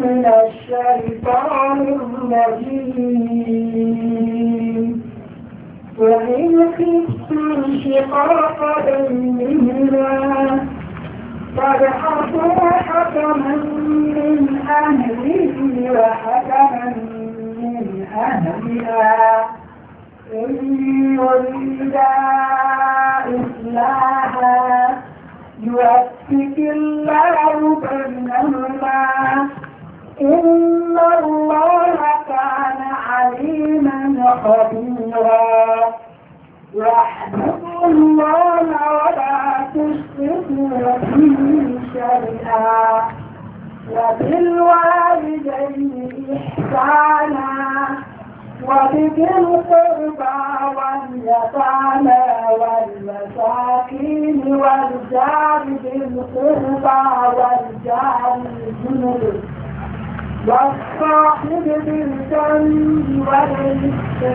من الشيطان الرجيم وإن خفتم شقاق بينهما فابحثوا حكما من أهله وحكما من أهلها إن يريدا إصلاحا يوفق الله بينهما إن الله كان عليما خبيرا واعبدوا الله ولا تشركوا به شيئا وبالوالدين إحسانا وبذي القربى واليتامى والمساكين والجار ذي القربى والجار الجنوب والصاحب بالجنب والسبيل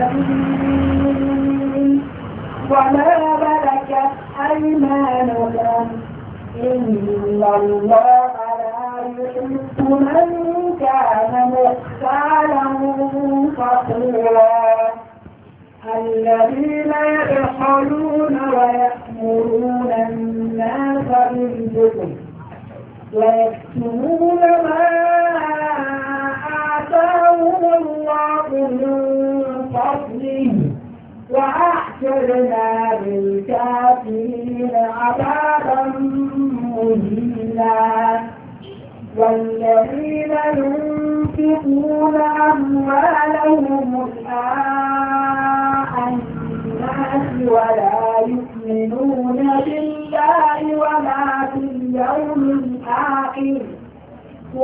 وما ملكت أيمانكم إن الله لا يحب من كان مختالا فخورا الذين يرحلون ويأمرون الناس بالبخل ويكتمون ما آتاهم الله من فضله وأعتدنا للكافرين عذابا مهينا والذين ينفقون أموالهم رئاء الناس ولا يؤمنون به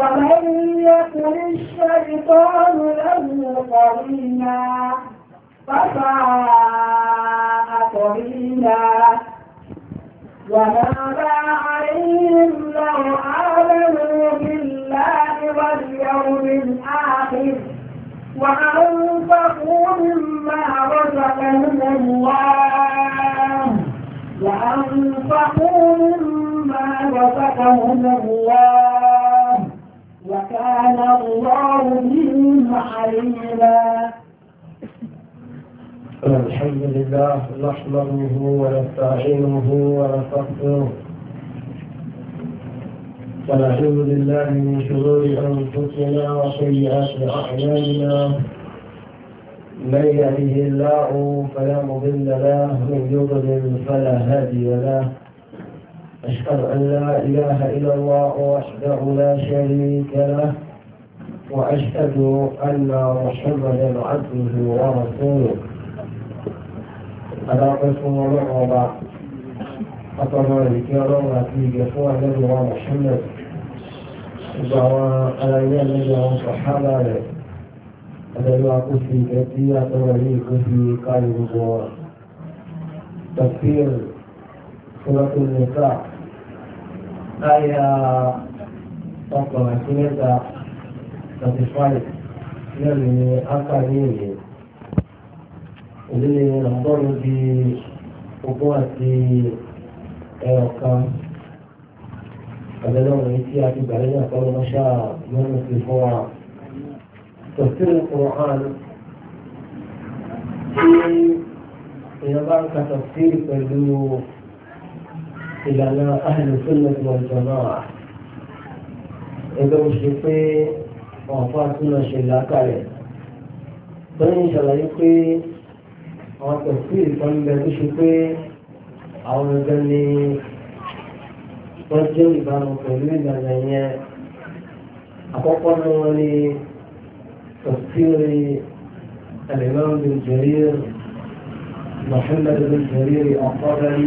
ومن يكن الشيطان له قرينا فساء قرينا وماذا عليهم لو آمنوا بالله واليوم الآخر وأنفقوا مما رزقهم الله وأنفقوا مما رزقهم الله وكان الله منهم عليما الحمد لله نحمده ونستعينه ونستغفره ونعوذ بالله من شرور انفسنا وسيئات اعمالنا من يهده الله فلا مضل له من يضلل فلا هادي له أشهد أن لا إله إلا الله وحده لا شريك له وأشهد أن محمدا عبده ورسوله ألا قسم الله أطلع الكرامة في جفوة نبي محمد دعوة على النبي والصحابة الذي أقول في كثير توليك في قلب تكفير سورة النساء láyà ọkọ̀ àti mẹ́ta thirty five náà ní áká ní èyí ìdílé ọgọ́rùn-ún di ogún àti ẹ̀ọ̀kan ọ̀dẹ́lọ́run tí a ti gbàlẹ́ náà kọ́ lọ́ṣà lọ́nà sí fún wa. tòsí ìkùrọ̀hán tí èèyàn bá ń ka tòsí pẹ̀lú ìlànà ahlùsùnà wàlùjàmáà ẹgbẹ́ ó ṣe pé ọ̀pọ̀ àtúnà ṣe lákàrẹ̀ bẹ́ẹ̀ ni ṣàlàyé pé àwọn tẹ̀sí ìkan bẹ tó ṣe pé àwọn ẹgbẹ́ ni wọ́n jẹ́ ìbámu pẹ̀lú ìlànà yẹn àkọ́kọ́ ni wọ́n ní tẹ̀sí rí الإمام بن جرير محمد بن جرير الطبري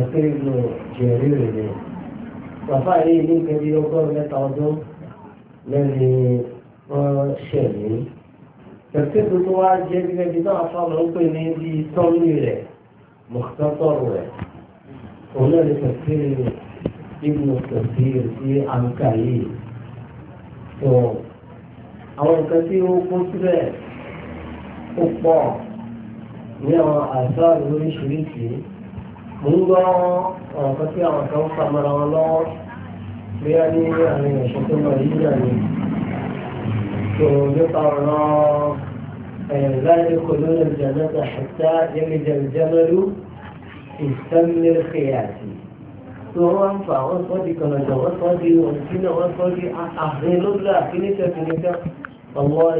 ọ̀kẹ́ ìlú jẹ̀rí rèé bàbá yìí ní kẹbi ọgọ́rùn mẹ́ta ọdún lẹ́ni wọ́n ṣẹ̀mí pẹ̀lú tó tó wá jẹ́ gẹ́gẹ́ bí náà fáwọn ń pè ní bí tọ́lú rẹ̀ mọ̀tọ́tọ́rù rẹ̀ òun náà ní pẹ̀lú ìlú pẹ̀lú sí àǹkà yìí tó àwọn nǹkan tí ó kó síbẹ̀ ó pọ̀ ní àwọn àìsàn lóríṣiríṣi mo ń gbọ́ ọ̀kan tí àwọn kan ń fa mọ́ra wọn lọ́wọ́ bí a ní àwọn ẹ̀ṣọ́ tó lọ yí náà ni tó nípa ọ̀rọ̀ láyé kò ló lè jẹ́ náà ṣẹ̀tá yẹ́lẹ̀ jẹ́ jẹ́mẹ́lú ìsẹ́mi kìyàtì tó wọ́n ń wọ́n sọ́ di kànáà wọ́n sọ́ di òǹtí náà wọ́n sọ́ di àfihàn lójú àfiníṣẹ́ finíṣẹ́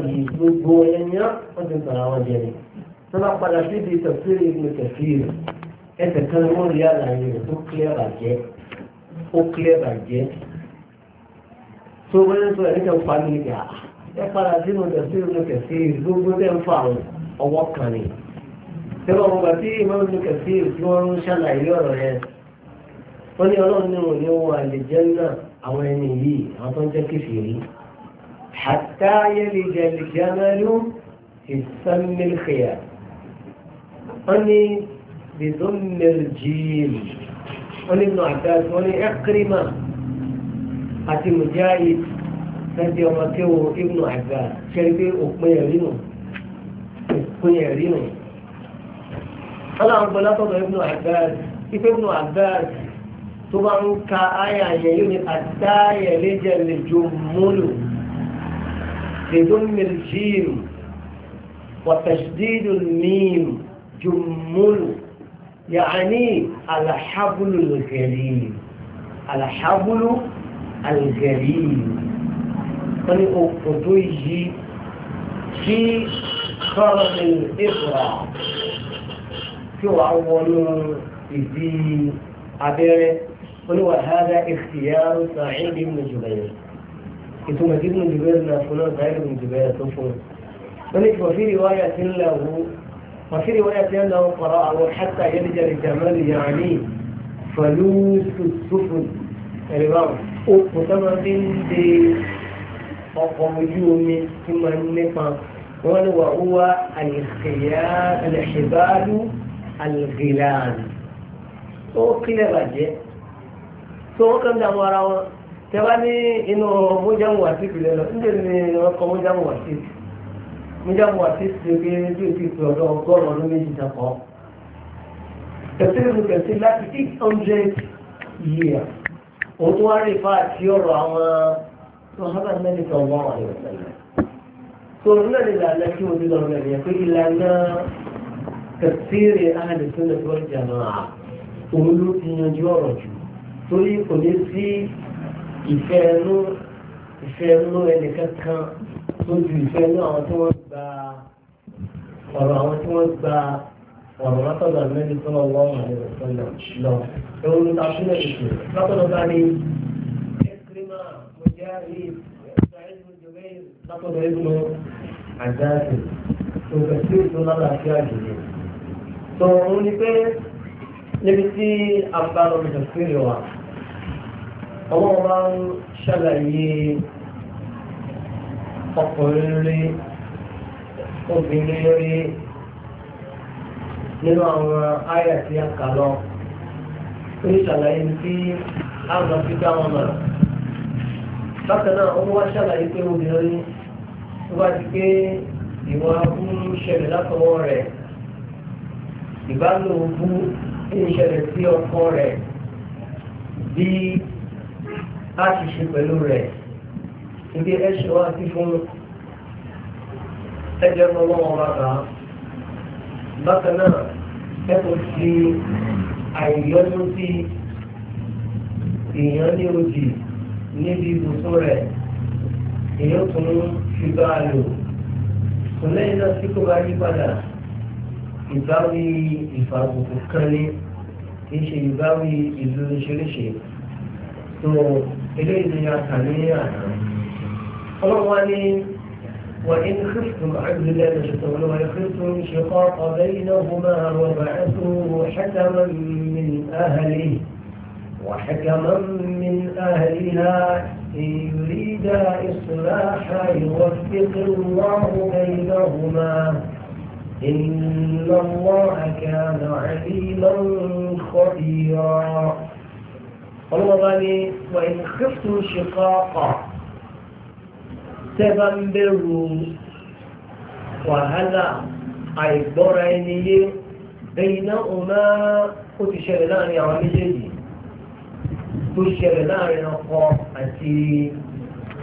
yìí gbogbo ẹ̀yán wọ́n ti sọ̀rọ̀ àwọn jẹ́rìí ẹsẹ̀ kan ni wọ́n rí àlàyé rẹ̀ tó kílẹ̀ bàjẹ́ ó kílẹ̀ bàjẹ́ tó wọ́n ń sọ ẹ̀ nígbà pa mí nígbà ẹ padà sínú tẹ̀sí ìlú tẹ̀sí gbogbo tẹ̀ ń fa ọwọ́ kan ni tẹ́lẹ̀ ọmọ gbà tí ìmọ̀ ìlú tẹ̀sí tí wọ́n ń ṣàlàyé ọ̀rọ̀ yẹn wọ́n ní ọlọ́run ní òní wọn àlejẹ́ náà àwọn ẹni yìí àwọn tó ń jẹ́ kéfìrí hatta yalija al-jamalu fi sammi al-khiyat بضم الجيم ولي ابن عباس ولي اكرمه àti mujahid lẹ́bi ọmọ kéwò ibnu àgbà ṣe pé òpin ẹ̀rí nù òpin ẹ̀rí nù. ọlọ́run gbọ́dọ̀ tọ́tọ̀ ibnu àgbà ife ibnu àgbà tó bá ń ka àyà yẹn yóò ní àtàyè lẹ́jẹ̀ lẹ́jọ́ múlò lẹ́jọ́ mìljíìmù wàtàṣídìdù mìíràn jùmúlò. يعني الحبل الغريب الحبل الغريب طريق قطوي في خرم الإبرة في أول في عبيرة قلوا هذا اختيار سعيد بن جبير انتم مجيب بن جبير نافونا سعيد بن جبير تفهم ولكن في رواية له وفي رواية أنه قرأه حتى يلج الجمال يعني فلوس السفن يعني بقى وطبعا دي وقوجوم ثم النفا وهو الخيال الحبال الغلال وقل رجع سوكم دعوة تبعني إنه مجمع واسيك لله إنه مجمع واسيك níjà mo wà sí ìṣègbè tí o ti fi ọ̀dọ́ ọgọ́rùn-ún ọdún méjì dàpọ̀ kẹsí ló kẹsí láti eight hundred years òun tó wá rí ifá àti ọ̀rọ̀ àwọn sọ̀hábà mẹ́rin kan wọ́n wà ní ọ̀sẹ̀ tó nílẹ̀ nílẹ̀ alẹ́ tí wọ́n ti lọ rẹ̀ yẹn pé ìlànà kẹsí rẹ̀ ahàdì tó lè fọ́ọ̀rọ̀ jà náà òun ló ti yanjú ọ̀rọ̀ jù torí kò ní sí ìfẹ́ ẹnu ìfẹ́ ẹnu ẹnìkan kan lójú ìfẹ́ ẹnu àwọn tí wọ́n gba ọ̀rọ̀ àwọn tí wọ́n gba ọ̀rọ̀ látọ̀dọ̀ mẹ́rin tó lọ́wọ́ àwọn ìrọ̀sọ́lọ̀ lọ. Ewu ni ta sílẹ̀ ètò látọ̀dọ̀ bá ní Ẹ́kírímà Mùjáàrí Ìsàìlú Jùmẹ́yìn látọ̀dọ̀ Ibnu Àjáàtì tó bẹ̀ sí ètò lálàáfíà jùlọ. Sọ òun ni pé níbi tí a bá lọ bẹ̀rẹ̀ sílẹ̀ wa, ọwọ́ wa ń ṣàlàyé ọkùnrin rí obìnrin lórí nínú àwọn àyà tí a kà lọ ó ń ṣàlàyé tí a lọ sí dáwọn mọ̀ bákan náà ó wá ṣàlàyé pé obìnrin tó bá ti pé ìwà ń ṣẹlẹ̀ látọwọ́ rẹ̀ ìbálò bú ń ṣẹlẹ̀ sí ọkọ rẹ̀ bí a ṣe ṣe pẹ̀lú rẹ̀ ibi ẹ̀ṣọ́ àti fún un ẹjẹ́ mọ́ lọ́wọ́ wa kà á. bákan náà ẹ kò fi àìyọ́nú sí èèyàn ní ojì níbi ibùsùn rẹ̀ èèyàn tún fi bá a lò. kò lẹ́yìn náà tí kò bá yí padà ìbáwí ìfàbùkù kan ní kì í ṣe ìbáwí ìlú oríṣiríṣi tó eléyìí ni a kà ní àná. ọlọ́run wá وإن خفتم عدل ذلك وإن خفتم شقاق بينهما وبعثوه حكما من أهله وحكما من أهلها إن يريدا إصلاحا يوفق الله بينهما إن الله كان عليما خبيرا الله بني وإن خفتم شقاقا tẹ́bá ń bẹ̀rù wàhálà àìgbọ́ra ẹni yé bẹ̀yìn náà ò máa ó ti ṣẹlẹ̀ láàrin àwọn méjèèjì tó ṣẹlẹ̀ láàrin ọkọ àti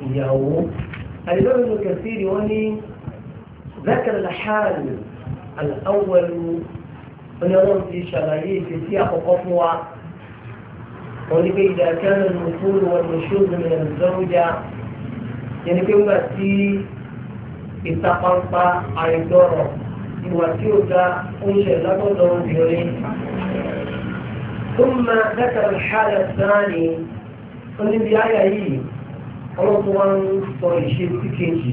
ìyàwó àdìlọ́rùn ló kẹsí rí wọ́n ní ذكر الحال الأول أن يوم في شغالي في سياق قفوة ولكي إذا كان النفور والنشوذ من الزوجة yẹn ni pé ńgbà tí ìtapáńpá àìgbọràn ìwà tí ó ga oúnjẹ lágbọ́dọ̀ obìnrin ثم ذكر الحالة الثانية níbi ayà yìí ọlọ́pù wọn ń sọ ìṣe sí kejì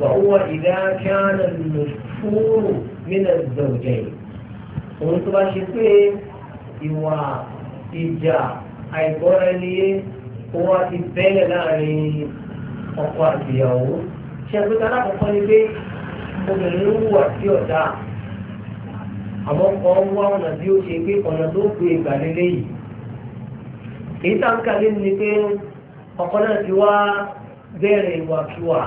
wà ó wà ìdá kíánà lò fúrù nínú ìzọ̀jẹ̀ òun tó bá ṣe pé ìwà ìjà àìgbọ́ra ẹni ó wá ti bẹ́lẹ̀ láàrin ọkọ àtìyàwó ṣẹ́gbẹ́ta alákọ̀ọ́kọ́ ni pé obìnrin ń wà sí ọ̀dà àwọn ọkọ ń wá ọ̀nà bí ó ṣe pé ọ̀nà tó gbé ìgbà e lélẹ̀ yìí èyí tá ń kalẹ̀ ni pé ọkọ náà ti wá bẹ̀rẹ̀ ìwàkiwà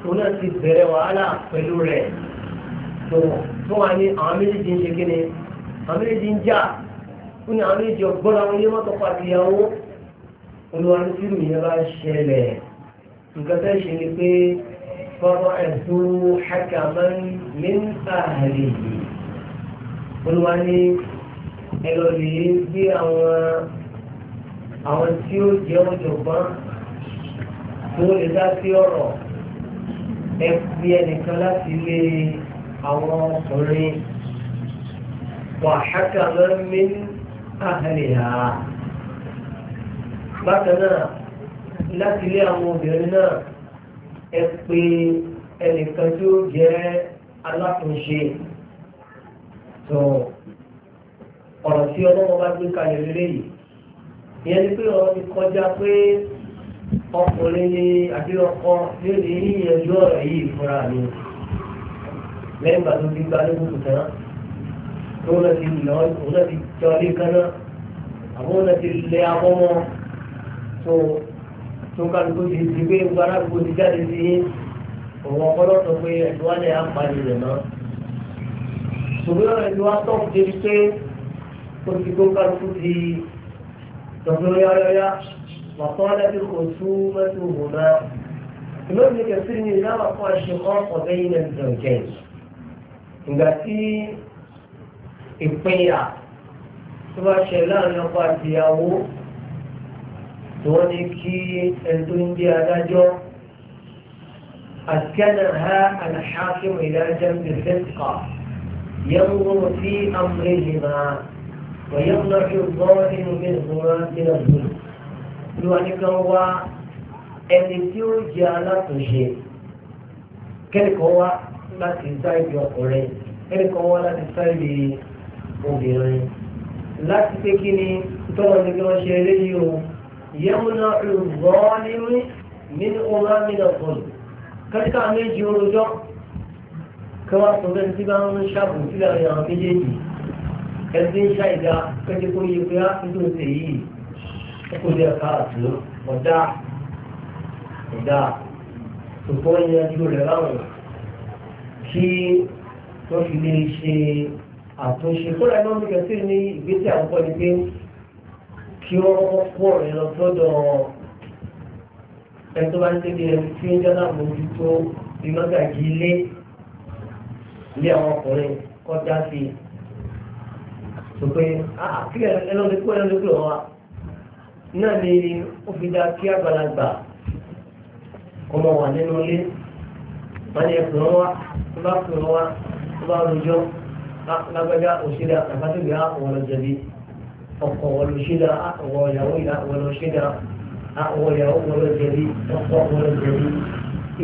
tó náà ti bẹ̀rẹ̀ wàhálà pẹ̀lú rẹ̀ tó tó wà ní àwọn méjèèjì ń ṣe kí ni àwọn méjèèjì ń jà ó ní àwọn méjèèjì ọgbọ́n àwọn ilé mọ́tò pàtìyàwó olùwàlúfíìmù yẹn bá ń ṣẹlẹ̀ nǹkan tẹ́ ṣe ni pé fọ́rọ̀ ẹ̀sùn hakaman min ahli yìí olúwa ní ẹ̀rọ lèyí gbé àwọn àwọn tí ó jẹ́ ọ̀jọ̀gbọ́n tó lè dá sí ọ̀rọ̀ ẹ̀kú ẹnìkan láti lé àwọn ọkùnrin wà hakaman min ahliha bákan náà láti ilé àwọn obìnrin náà ẹ pé ẹnìkan tí ó jẹ́ alákùnṣe tó ọ̀rọ̀ tí ọlọ́wọ́ bá gbé kalẹ̀ lélẹ́ yìí ìyẹn ni pé ọ̀rọ̀ ti kọjá pé ọkùnrin ni àbí ọkọ yóò lè ní ìyẹnjú ọ̀rọ̀ yìí fúnra mi lẹ́yìn ìgbà tó ti gba lókùnkùn tán tó lọ ti lọ òun náà ti jọ ilé kan náà àbúrò náà ti lé abọ́mọ́ tó tó kálukú ti ti gbé gbára gbogbo ti jáde sí òun ọpọlọ sọ pé ẹ̀dùn wálé á parí rẹ̀ náà ṣùgbọ́n ẹ̀dùn wá tọ́ débi pé ó ti kó kálukú ti tọ́jú yáyáyá وقال خصومتهما ìmọ̀ ìlú kẹsì ni ìlànà fún àṣekọ́ ọ̀gá yìí lẹ́nu tó ìgbà tí ìpínyà tó bá ṣe láàrin ọkọ àti ìyàwó tí wọ́n ní kí ẹni tó adájọ́ أسكنها الحاكم إلى جنب الفسقة ينظر في أمرهما ويمنع الظالم منهما من الظلم لذلك هو ẹni tí ó jẹ alátúnṣe kẹ́nìkan wá láti sáìdì ọkùnrin kẹ́nìkan wá láti sáìdì obìnrin láti pé kí ni tọ́lọ́ ní kí ṣe eléyìí o يمنع الظالم من أمامنا الظلم كذلك أمي جيولوجا كما صدر سيبا من شاب سيبا يا مجيجي كذلك شايدا كذلك يقيا بدون سيئي تقول يا كاسل ودع ودع تقول يا جيولوجا كي تشليشي àtúnṣe kó lẹ́nu ọmọ ìgbésẹ̀ ní ìgbésẹ̀ àwọn ọkọ̀ ni pé kí wọ́n kọ́kọ́ rẹ̀ lọ sọ́dọ̀ ẹni tó bá ń tẹ́lẹ̀ ẹni tí ń jẹ́ alábòójú tó ìlọ́gàjì ilé ilé àwọn ọkùnrin kọjá sí i. sọ pé ah, ah, kí ẹlọ́dún kú ẹlọ́dún kú lọ́wọ́ náà ni ó fi dá kí àgbàlagbà ọmọ wà nínú ilé wọ́n ní ẹ̀kùn wọn tó bá kùn wọn tó bá rojọ́ lágbájá òṣèlú àtàkàtúgbà ọ̀rọ̀ jẹ̀bi ọkọ wọn ló ṣe dára àwọ ìyàwó ìyàwó ló ṣe dára àwọ ìyàwó wọn ló jẹ̀bi ọkọ wọn ló jẹ̀bi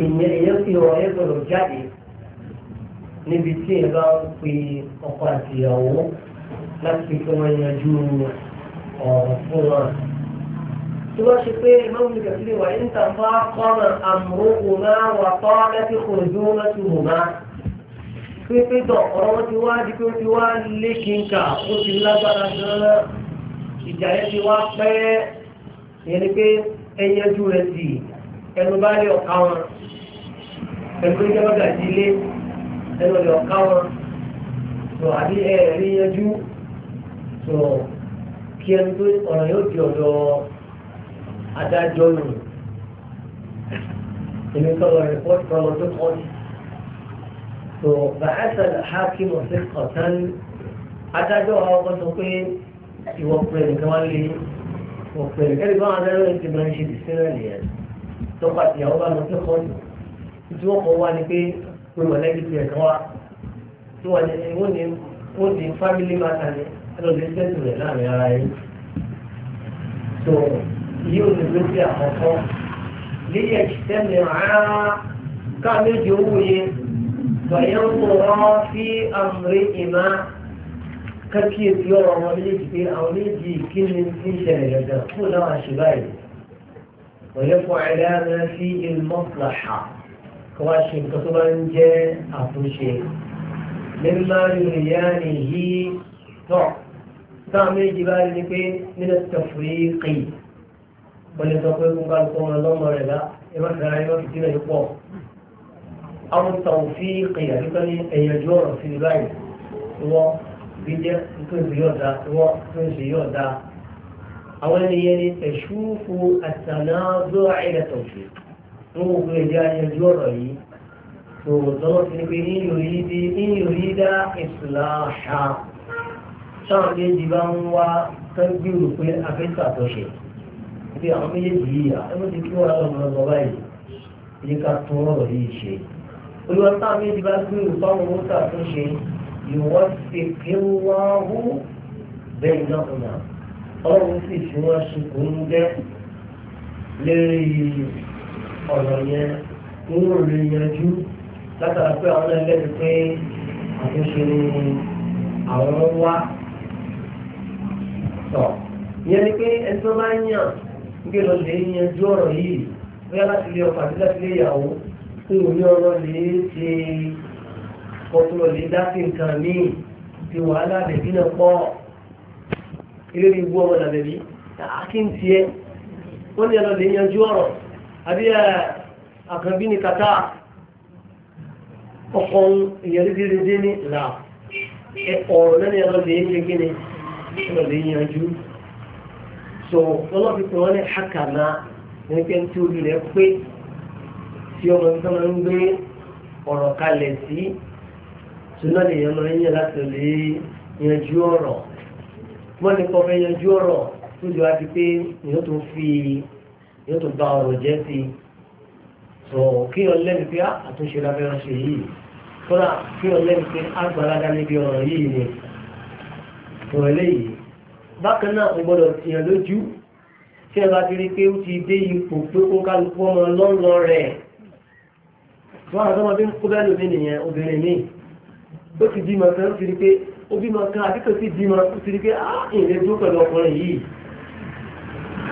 ìyẹn ìyẹn fi hàn ẹ gbọ́dọ̀ jáde níbi tí ẹ bá ń pe ọkọ àti ìyàwó láti fi wọn yanjú ọ̀rọ̀ fún wọn tí wọ́n ṣe pé ìmáwùn ní kẹfìlẹ̀ wà ní tàbá kọ́nà àmúhùnmá wà tọ́ láti kòròjú láti hùnmá pípé tọ̀ ọ̀rọ̀ wọn ti wá di pé ó ti wá léṣinka ó ti lágbára gan-an ìjà yẹn ti wá pẹ́ ìyẹn ni pé ẹyẹjú rẹ̀ sì ẹnu bá lè ọ̀ka wọn ẹnu ní jẹ́wọ́ gàdí ilé ẹnu lè ọ̀ka wọn tó àbí ẹ̀rí yẹjú tó kí ẹnu tó ọ̀rọ̀ yóò di ọ̀dọ̀ adájọ́ nù èmi sọ̀rọ̀ rìpọ́tì kan lọ tó kọ́ ni tó bàá sàlẹ̀ hákìmọ̀ sí kọ̀tán adájọ́ àwọn ọkọ̀ sọ pé ìwọ pẹ nìkan wá lé ìwọ pẹ nìkan ẹni bá wọn lẹ́rọ ẹni tí máa ń ṣe ìṣẹ́rẹ́ nìyẹn tọ́pọ̀ àti ìyàwó bá lọ sí kọ́ọ̀tù tí wọ́n kọ́ wá ni pé pé mọ̀lẹ́bí tiẹ̀ kan wá tí wọ́n ní wọ́n ní wọ́n ní fámìlì máa ta ni ẹlọ́ lè tẹ́sí rẹ̀ láàrin ara yìí tó yí ò ní ló sí àkọ́kọ́ líyẹ̀ sẹ́mi rárá káà méjì ó wòye tọ̀yẹ́ ń kó wọ́n fi àmúrí ìmáà kákíyèsí ọ̀rọ̀ àwọn méjèèjì pé àwọn méjèèjì kí ni ń ṣẹlẹ̀ gàgà fún náà àṣìbáyìí wọ̀nyẹ́fọ̀ ẹ̀dá náà sí ìmọ̀láhà kí wọ́n ṣe nǹkan tó bá ń jẹ́ àtúnṣe mímá yorùyá nìyí tọ̀ táwọn méjì bá rí ni pé nínú tẹ̀fúríkì wọ́n lè sọ pé kó bá kọ́ wọn lọ́mọ rẹ̀ lá ẹ má fẹ́ra ẹ má fi sílẹ̀ pọ̀ àwọn tàwọn fíìkì àbíkọ́ ní ẹ̀yẹ̀dú ọ̀rọ̀ òbí jẹ́ tó ń ṣe yọ̀ da wọ́n tó ń ṣe yọ̀ da àwọn ènìyàn ni ẹ̀ṣúfù àtànáàzọ́ àìlẹ́tọ̀ ṣe ń wo pé ìdí ayẹyẹ ọ̀rọ̀ yìí tó tọ́lọ́ sí pé ìyòrídá ìsìláṣà sáwọn méjì bá ń wá tẹ́gbìrò pé afẹ́tà tó ṣe bí àwọn méjèèjì yìí àwọn ti kí wọ́n lọ mọ̀ lọ báyìí ìdí tún ọ̀rọ̀ yìí ṣe olùwọ́n méjì bá gbìrò fáwọn mọ́tà tó ṣe يوفق الله بينهما ọlọ́run sì fi wọ́n sunkún jẹ́ lérí ọ̀rọ̀ yẹn nínú òde yanjú látara pé àwọn ẹlẹ́rìí pé àtúnṣe ni àwọn wá tọ̀ ìyẹn ni pé ẹni tó bá ń yàn nígbè lọ lè yanjú ọ̀rọ̀ yìí bóyá láti lé ọkọ̀ àti láti lé ìyàwó tó ní ọ̀rọ̀ lè ṣe wọ́n tún lọ lè dá sí nǹkan míì ti wàhálà bẹ̀bí náà pọ̀ ilé ní ibú ọmọ làbẹ̀bí kí n tiẹ̀ wọ́n ní ẹ̀rọ lè yanjú ọ̀rọ̀ àbí àkànbí ni kàtà ọkọ̀ ìyẹ̀rí dídí ní là ọ̀rọ̀ náà ní ẹ̀rọ lè yanjú kí ẹ̀rọ lè yanjú so lọ́lọ́ fi pè wọ́n ní hakama ní pé tí olú rẹ̀ pé tí ọmọ nǹkan máa ń gbé ọ̀rọ̀ kalẹ̀ sí súnà nìyẹn máa ń yẹ láti lè yanjú ọ̀rọ̀ wọ́n ní kọ́ fẹ́ yanjú ọ̀rọ̀ tó di wá di pé èèyàn tó fi èèyàn tó ba ọ̀rọ̀ jẹ́ sí i sọ kí ọlẹ́ni pé ah, àtúnṣe la fẹ́ yìí kọ́ra kí ọlẹ́ni pé ah, àgbàlagbà níbi ọ̀rọ̀ yìí ni ọ̀rọ̀ eléyìí bákan náà kò gbọ́dọ̀ tìyàn lójú tí ẹ bá ti rí pé ó ti dé ipò pé ó kálukú ọmọ lọ́nlọ́ rẹ̀ fún àwọn ń kó bẹ́ẹ̀ lómi nìyẹn obìnrin míì ó ti bímọ kan ti rí pé ó bímọ kan àdíkò sí bímọ ó ti rí pé á ìrìn tó pẹ̀lú ọkùnrin yìí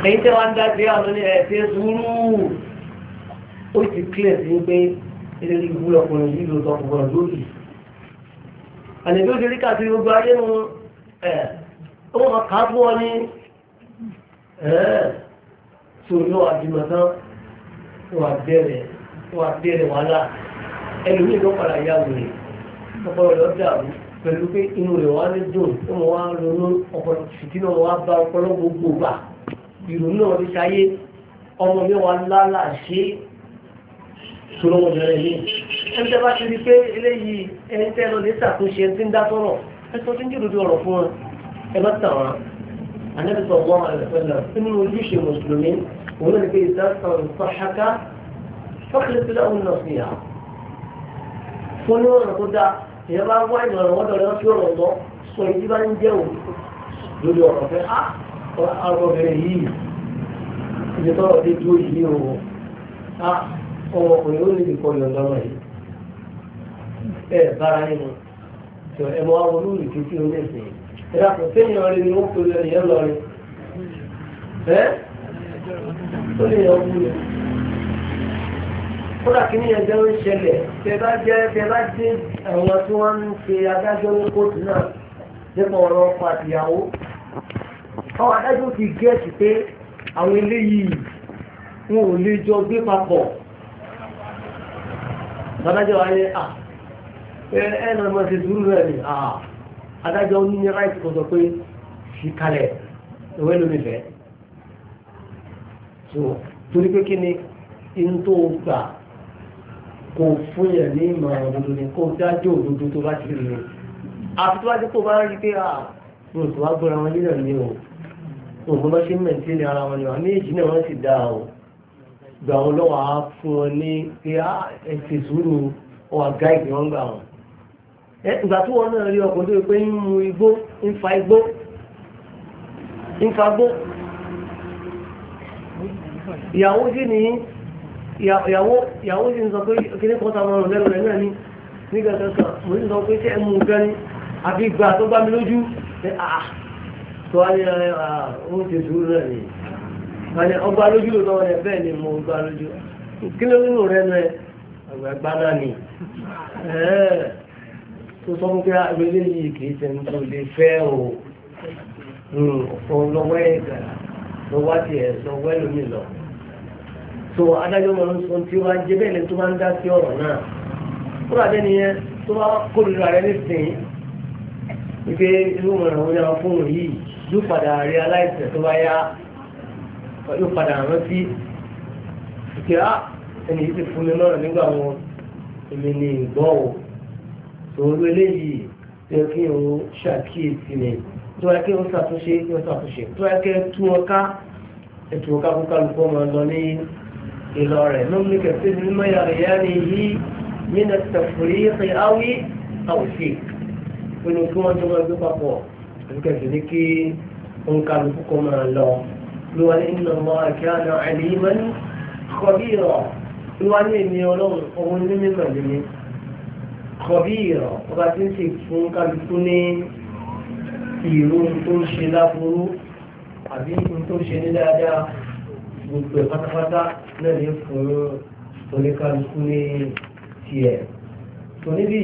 ẹ̀yin tẹ́ wọ́n ń dá sí àwọn ní ẹ̀sẹ̀ sùúrù ó ti kílẹ̀ sí pé ilé ìwú ọkùnrin yìí ló tọkùn kan lórí àlejò ti rí káàkiri gbogbo ayé nu ẹ̀ ó wọn kà á fún ọ ní tó yọ àdìmọ̀ tán wà bẹ̀rẹ̀ wà bẹ̀rẹ̀ wàhálà ẹlòmíì ló padà yá wòye ọpọlọ rẹ̀ dàrú pẹ̀lú pé inú rẹ̀ wá ní dùn tí mo wá ronú ọpọlọ fìtínà wá bá ọpọlọ gbogbo gbà ìrònú náà ti ṣayé ọmọ mi wà lálà ṣe sọlọ́wọ́ bẹ̀rẹ̀ mi. ẹni tẹ́ bá ti rí pé eléyìí ẹni tẹ́ lọ lè ṣàtúnṣe ẹni tí ń dá sọ̀rọ̀ ẹ sọ tí ń jòdòdò ọ̀rọ̀ fún ẹ bá tàn wọn. ànábì sọ wọn àlẹfẹlẹ nínú ojúṣe mùsùlùmí òun náà ní pé ìdásán sọ̀ṣáká fọ́kìlì òun náà fi hàn. fún ní ọ̀rọ̀ tó dáa èèyàn bá wá ìmọ̀ràn wọ́n dọ̀rọ̀ fi ọ̀rọ̀ lọ sọ ìdí bá ń jẹ́ òun lórí ọ̀rọ̀ fẹ́ á ah, ọ̀rọ̀ bẹ̀rẹ̀ yìí ìdí tọ́rọ̀ dé dúró yìí o á ah, ọmọkùnrin ó níbi kọ́ yọ̀ lọ́rọ̀ yìí ẹ bára nínú tó ẹ mọ àwọn olùdíje tí ó lẹ́sìn ẹ dàpọ̀ sẹ́yìn ọ̀rẹ́ ni wọ́n pè lọ ìyẹn ẹ́ ó lè yọ kódà kí ní ẹjọ́ ń ṣẹlẹ̀ tẹ́bá jẹ́ tẹ́bá dé àwọn tí wọ́n ń ṣe adájọ́ ní kóòtù náà nípa ọ̀rọ̀ ọkọ àtìyàwó àwọn adájọ́ ti gẹ́ẹ̀sì pé àwọn eléyìí wọn ò lè jọ gbé papọ̀ adájọ́ wa ní à ẹ ẹ náà mo ṣe dúró rẹ̀ ní à adájọ́ ní ní ráìtì kò sọ pé fi kalẹ̀ ìwé lómi fẹ́ torí pé kí ni inú tó gbà kò fún yẹn ní ìmọ̀ràn òdodo ni kò dájú òdodo tó bá ti rí ni àti tó bá ti kó bá rí pé à ah, mo tó wá gbọ́ra wọn nílẹ̀ ni o òun bá ṣe ń mẹ̀tí ní ara wọn ni wọn méjì náà wọ́n sì dá o gbà wọn lọ́wọ́ á fún ọ ní pé ah, á ẹ̀sìn sùúrù ọ àgá ìgbé wọn gbà wọn. ìgbà tí wọn náà rí ọkùnrin tó pé ń mu igbó ń fa igbó ń fa igbó ìyàwó sí nìyí ìyàwó sì ń sọ pé kíní kọ́ta ọmọ rẹ̀ lẹ́nu rẹ̀ náà ní nígbà kankan mo sì sọ pé ṣé ẹ mú un gan ni àfi ìgbà tó gbá mi lójú ṣe àà ah, tó wá ní ọ̀hún ah, ti sùúrù rẹ̀ ni wọ́n ní ọgbà lójú ló tọ́wọ́ rẹ̀ bẹ́ẹ̀ ni mo gbà lójú kí ló nínú rẹ̀ náà àgbà gbá náà ni tó sọ fún pé abẹ́lé ah, yìí kì í ṣe ń tó lè fẹ́ o ọ̀pọ̀ hmm, lọ́wọ́ ẹ̀ lọ́wọ́ tiẹ̀ lọ́wọ́ ẹ̀ lómi lọ́wọ́ so adájọ́ mọ̀ ń sọ tí ó bá ń jẹ bẹ́ẹ̀ ni, tó bá ń dá sí ọ̀rọ̀ náà kúrò àdéni yẹn tó bá kórìíra rẹ nísìnyí wípé irú mọ̀ràn wọn yára fóònù yìí yóò padà rí aláìsàn tó bá yá yóò padà rántí ìkẹ́ á ah, ẹni yìí ti fún mi lọ́rọ̀ nígbà wọn èmi ni ìgbọ́ o sòrò eléyìí tó yẹ kí n ṣàkíyèsí ni tó yẹ kí n ṣàtúnṣe kí n ṣàtúnṣe tó yẹ kí n tú ọká ẹtù ọká kó kálukú ọmọ lọ ní إلى نملك كثير مما يريانه من التفريق أو التوفيق وإن كما تقول بقوة كذلك إن كان بكم الله لو إن الله كان عليما خبيرا لو أن يولون أقول مما لمن خبيرا وقد تكون كان بكم ìró tó ń ṣe láburú àbí tó ń ṣe ní dáadáa gbogbo ẹ̀ pátápátá náà ní fún oníkálukú ní tiẹ̀ tó níbí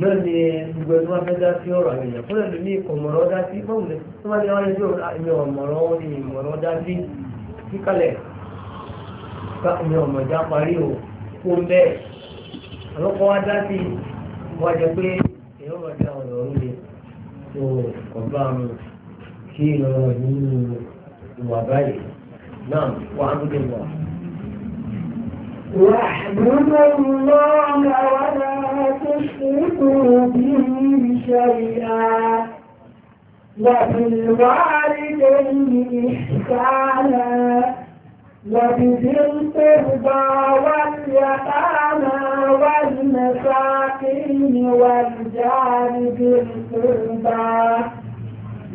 náà ni gbogbo ẹni wá fẹ́ dá sí ọ̀rọ̀ àwọn èèyàn fún ẹ̀lú ní ìkọ̀mọ̀rọ̀ dá sí báwọn lè tó bá ní wáyé bí ẹni ọ̀mọ̀rọ̀ ní ìmọ̀rọ̀ dá sí kíkalẹ̀ ká ẹni ọ̀mọ̀já parí o kó ń bẹ́ẹ̀ àlọ́kọ́ wá dá sí wá jẹ pé èèyàn máa dá ọ̀rọ̀ ọ̀rọ̀ ni tó kọ̀ bá kí ìrọ̀rùn nínú ìwà báyìí. نعم واعبد الله واعبدوا الله ولا تشركوا به شيئا وبالوالدين إحسانا وبذي القربى واليتامى والمساكين والجار ذي القربى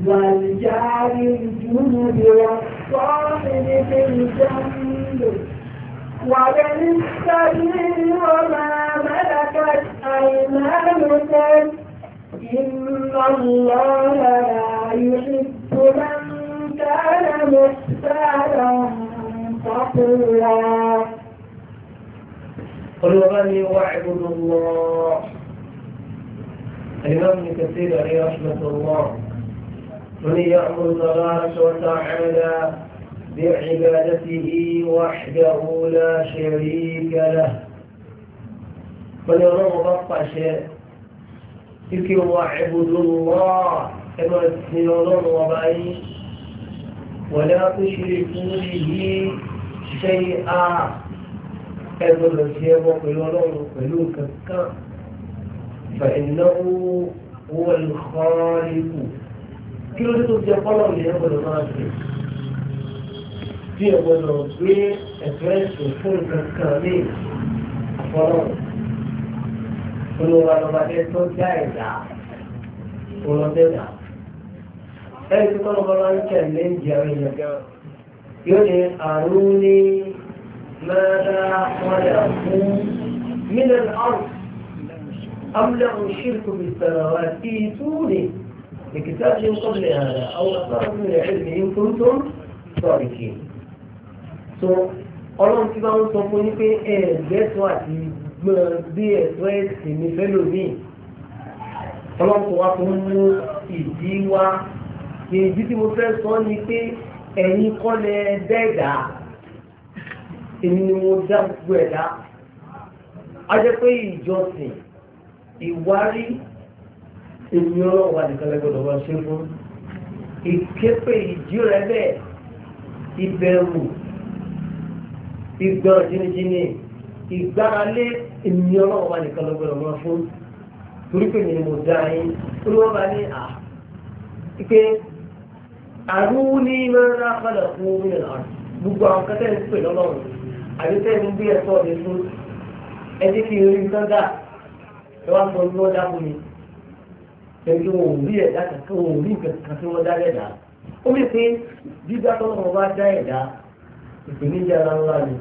والجار الجنب والصاحب بالجنب وبن السبيل وما ملكت أيمانكم إن الله لا يحب من كان محتالا فقولا قل وغني واعبدوا الله الإمام ابن كثير عليه رحمة الله من يأمر تبارك وتعالى بعبادته وحده لا شريك له فليروا بطع شيء ذكر واعبد الله كما تسنون وبعين ولا تشركوا به شيئا كما وقلوا وقلون وقلون كذكا فإنه هو الخالق kí ló dé tó jẹ kọ́lọ̀ lè ẹ gbọ́dọ̀ máa ṣe bí ẹ gbọ́dọ̀ gbé ẹ̀fẹ́ ẹ̀sùn fún nǹkan kan ní àfọlọ́ olùwà lọ́mọdé tó dá ẹ̀dá olùwàdé dà tó kọ́ lọ́mọdé ń tẹ̀lé ń jẹ́ ẹ̀yẹ gan yóò ní àrùn ní mẹ́ta wọ́dà fún mílíọ̀nù ọ̀rùn أم لهم شرك بالسماوات في بكتاب من قبل هذا أو أثارة من كنتم صادقين so ọlọ́run tí bá ń sọ fún yín pé ẹ gbẹ́sọ̀ àti bí ẹ̀sọ́ ẹ̀sìn mi fẹ́ lómi ọlọ́run kò wá fún mú ìdí wá ìdí tí mo fẹ́ sọ ni pé ẹ̀yin kọ́lẹ̀ dẹ́ẹ̀dá èmi ni mo dá gbogbo ẹ̀dá a jẹ́ pé ìjọsìn ìwárí ebi ọlọ́run wà nìkan lẹ́gbẹ̀ẹ́ lọ́wọ́ ṣe fún ìképe ìjírẹ́ bẹ́ẹ̀ ìbẹ̀rù ìgbọ́n jínijínì ìgbáralé èmi ọlọ́run wà nìkan lọ́gbẹ̀ẹ́ lọ́wọ́ fún torí pé mi ni mo dá yín olúwọ́n bá ní à pé àrùn ní mẹ́rin àpàdà fún omi ọ̀rọ̀ gbogbo àwọn kẹ́tẹ́ ń pè lọ́lọ́run àdúgbò ń gbé ẹ̀fọ́ mi fún ẹ jẹ́ kí n rí nǹkan dà ẹ wá sọ ní wọ́n dá fún mi ẹni wọn ò rí ẹ̀dá kankan wọn ò rí nǹkan tí wọ́n dá lẹ́dá ó lè pé dídá tó lọ́wọ́ bá dá ẹ̀dá ìpèníjà ara ni